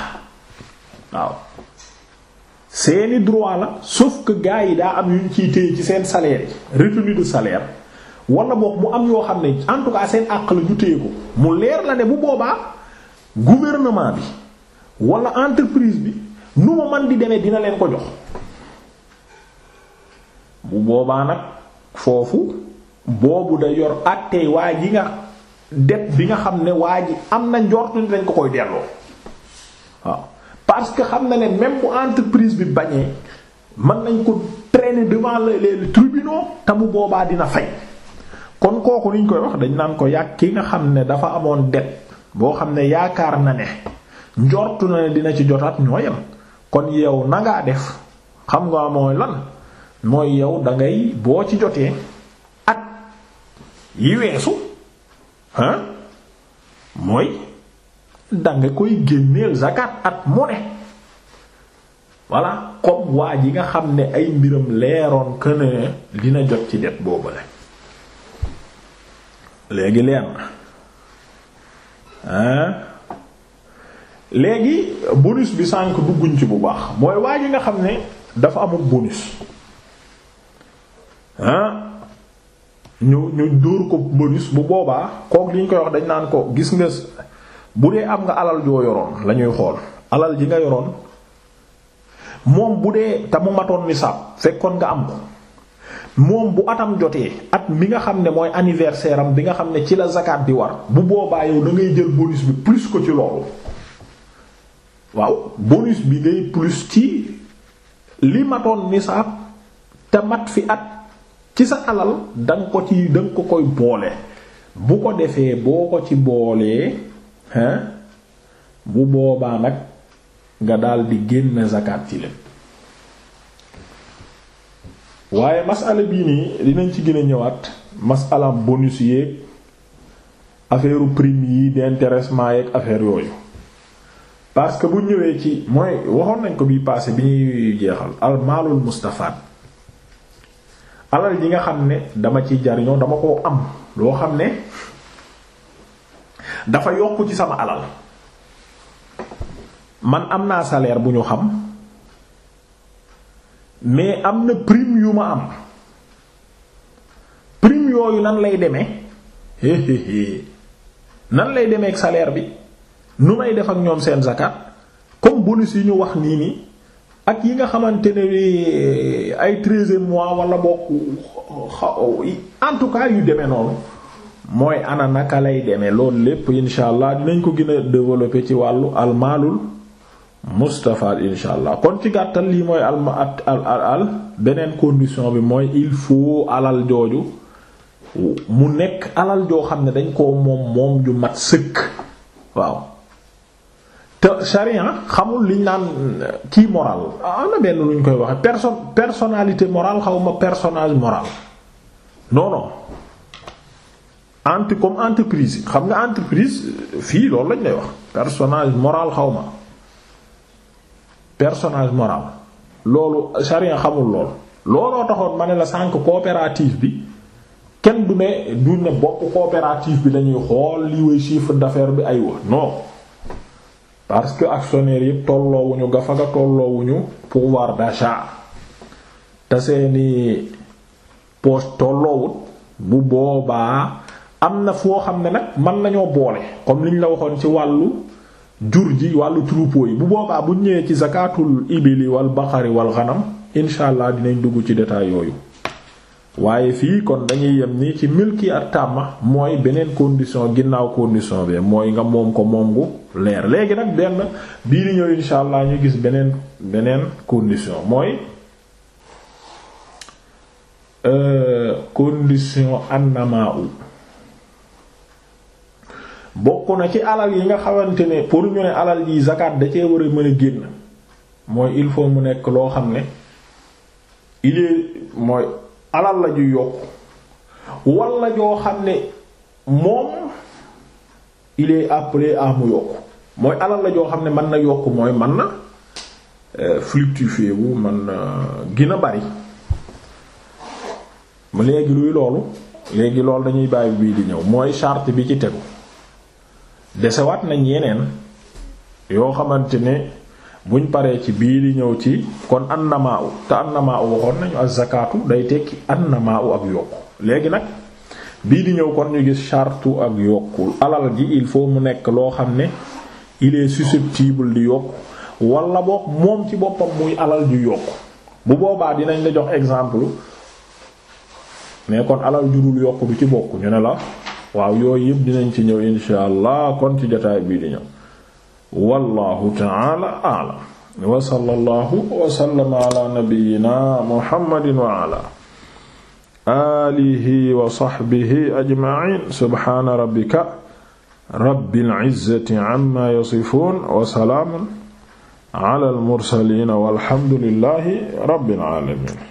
waaw seeni droit la sauf que gars yi daa am yu ñu ciy téye ci seen salaire yi retenue de salaire wala boog mu am yoo xam ne en tout cas seen àq la ñu téye ko mu leer la ne bu boobaa gouvernement bi wala entreprise bi nu ma man di deme dina leen ko jox bu boobaa nag foofu boobu da yor àttee waa ji nga det bi nga xam ne waa ji am na njort ni dañ ko koy delloo waaw parce que xam na ne même mu entreprise bi bañee mën nañ ko traîner devant les tribunaux te mu boobaa dina fay kon kooku niñ koy wax dañ naan ko yàgg ki nga xam ne dafa amoon det boo xam ne yaakaar na ne njortu na ne dina ci jotaat ñoo yem kon yow na def xam nga mooy lan mooy yow da ngay boo ci jotee at yi weesu ah mooy. danga koy génneel zakat at mu ne voilà comme waa ji nga xam ne ay mbiram leeroon que dina jot ci det boobale léegi leer na léegi bonus bi sànk dugguñ ci bu baax mooy waa ji nga xam ne dafa amul bonus ah ñu ñu dóor ko bonus bu boobaa kook li ñu koy wax dañ naan ko gis nga bu dee am nga alal joo yoroon la xool alal ji nga yoroon moom bu dee te mu matoon nisaab fekkoon nga am ko moom bu atam jotee at mi nga xam ne mooy anniversaire bi nga xam ne ci la zakat di war bu boobaa yow da ngay jël bonus bi plus ko ci loolu waaw bonus bi ngay plus ci li matoon nisaab te mat fi at ci sa alal danga ko ci danga ko koy boole bu ko defee boo ko ci boolee hein bu boobaa nag nga daal di génn zakat ci lépp waaye masala bii nii dinañ ci gën a ñëwaat masala bonus yeeg affaire prime yi d'intéressement yeeg affaire yooyu parce que bu ñëwee ci mooy waxoon nañ ko bii passé bi ñuy jeexal al maalul mustafaad alal ji nga xam ne dama ci jariñoo dama koo am loo xam ne dafa yokk ci sama alal man am naa salaire bu ñu xam mais am na prime yu ma am prime yooyu nan lay demee nan lay demee ak salaire bi nu may def ak ñoom seen zakat comme bonus yi ñu wax nii nii ak yi nga xamante ne ay treizième mois wala bokk en tout cas yu demee noonu mooy ana naka lay demee loolu lépp incha allah dinañ ko gën a ci wàllu almaalul mustafaad incha allah kon ci gàttal lii mooy alma at al al beneen condition bi mooy il faut alal jooju mu nekk alal joo xam ne dañ koo moom moom ju mat sëkk waaw te sharia xamul liñ laan kii moral am ah, na benn luñ koy waxe personne personnalité morale xaw ma personnage moral entre comme entreprise xam nga entreprise fii loolu lañ lay wax personage moral xaw ma personnage moral loolu charia xamul lool looloo taxoon ma ne la sànq coopérative bi kenn du ne du ne bopp coopérative bi lañuy xool li way chiffre d'affaires bi ay wa non parce que actionnaire yëpp tolloowuñu gafa ga tolloowuñu pouvoir d'achat te seeni poche tolloowut bu boobaa am na foo xam ne nag man nañoo boole comme liñ la waxoon ci wàllu jur ji wàllu troupeau yi bu boobaa bu ñëwee ci zakatul ibili wal baqari wal ghanam incha allah dinañ dugg ci détail yooyu waaye fii kon dañuy yem ni ci milki at tàmma mooy beneen condition ginnaaw condition bi mooy nga moom ko moom gu leer léegi nag benn bii di ñëw incha allah ñu gis beneen beneen condition mooy euh, condition annama u bokk na ci alal yi nga xamante ne pour ñu ne alal yi zakat da cee war a mën a génn mooy il faut mu nekk loo xam ne il est mooy alal la ju yokk wala joo xam ne moom il est appelé à yokk mooy alal la joo xam ne mën na yokk mooy man na euh, fluctuer wu mën na gën a bari léegi luy loolu léegi loolu dañuy bàyyi bii di ñëw mooy chart bi ci tegu desewaat nañ yeneen yoo xamante ne buñ paree ci biir di ñëw ci kon annamaa u te annamaa u waxoon nañu az-zakatu day tekki annamaa u ak yokku léegi nag bii di ñëw kon ñu gis chartu ak yokkul alal ji il faut mu nekk loo xam ne il est susceptible di yokk walla boog moom ci boppam muy alal ju yokk bu boobaa dinañ la jox exemple mais kon alal ju dul yokk du ci bokk ñu ne la waaw yooyu yëpp dinañ ci ñëw insha allah kon ci jotaay bii di ñëw wallahu ta'ala a'lam wa sallallahu wa sallama ala nabiyyina muhammadin wa ala alihi wa sahbihi ajma'in subhana rabbika rabbil izzati amma yasifun wa salaamun ala al mursalin walhamdulillahi rabbil alamin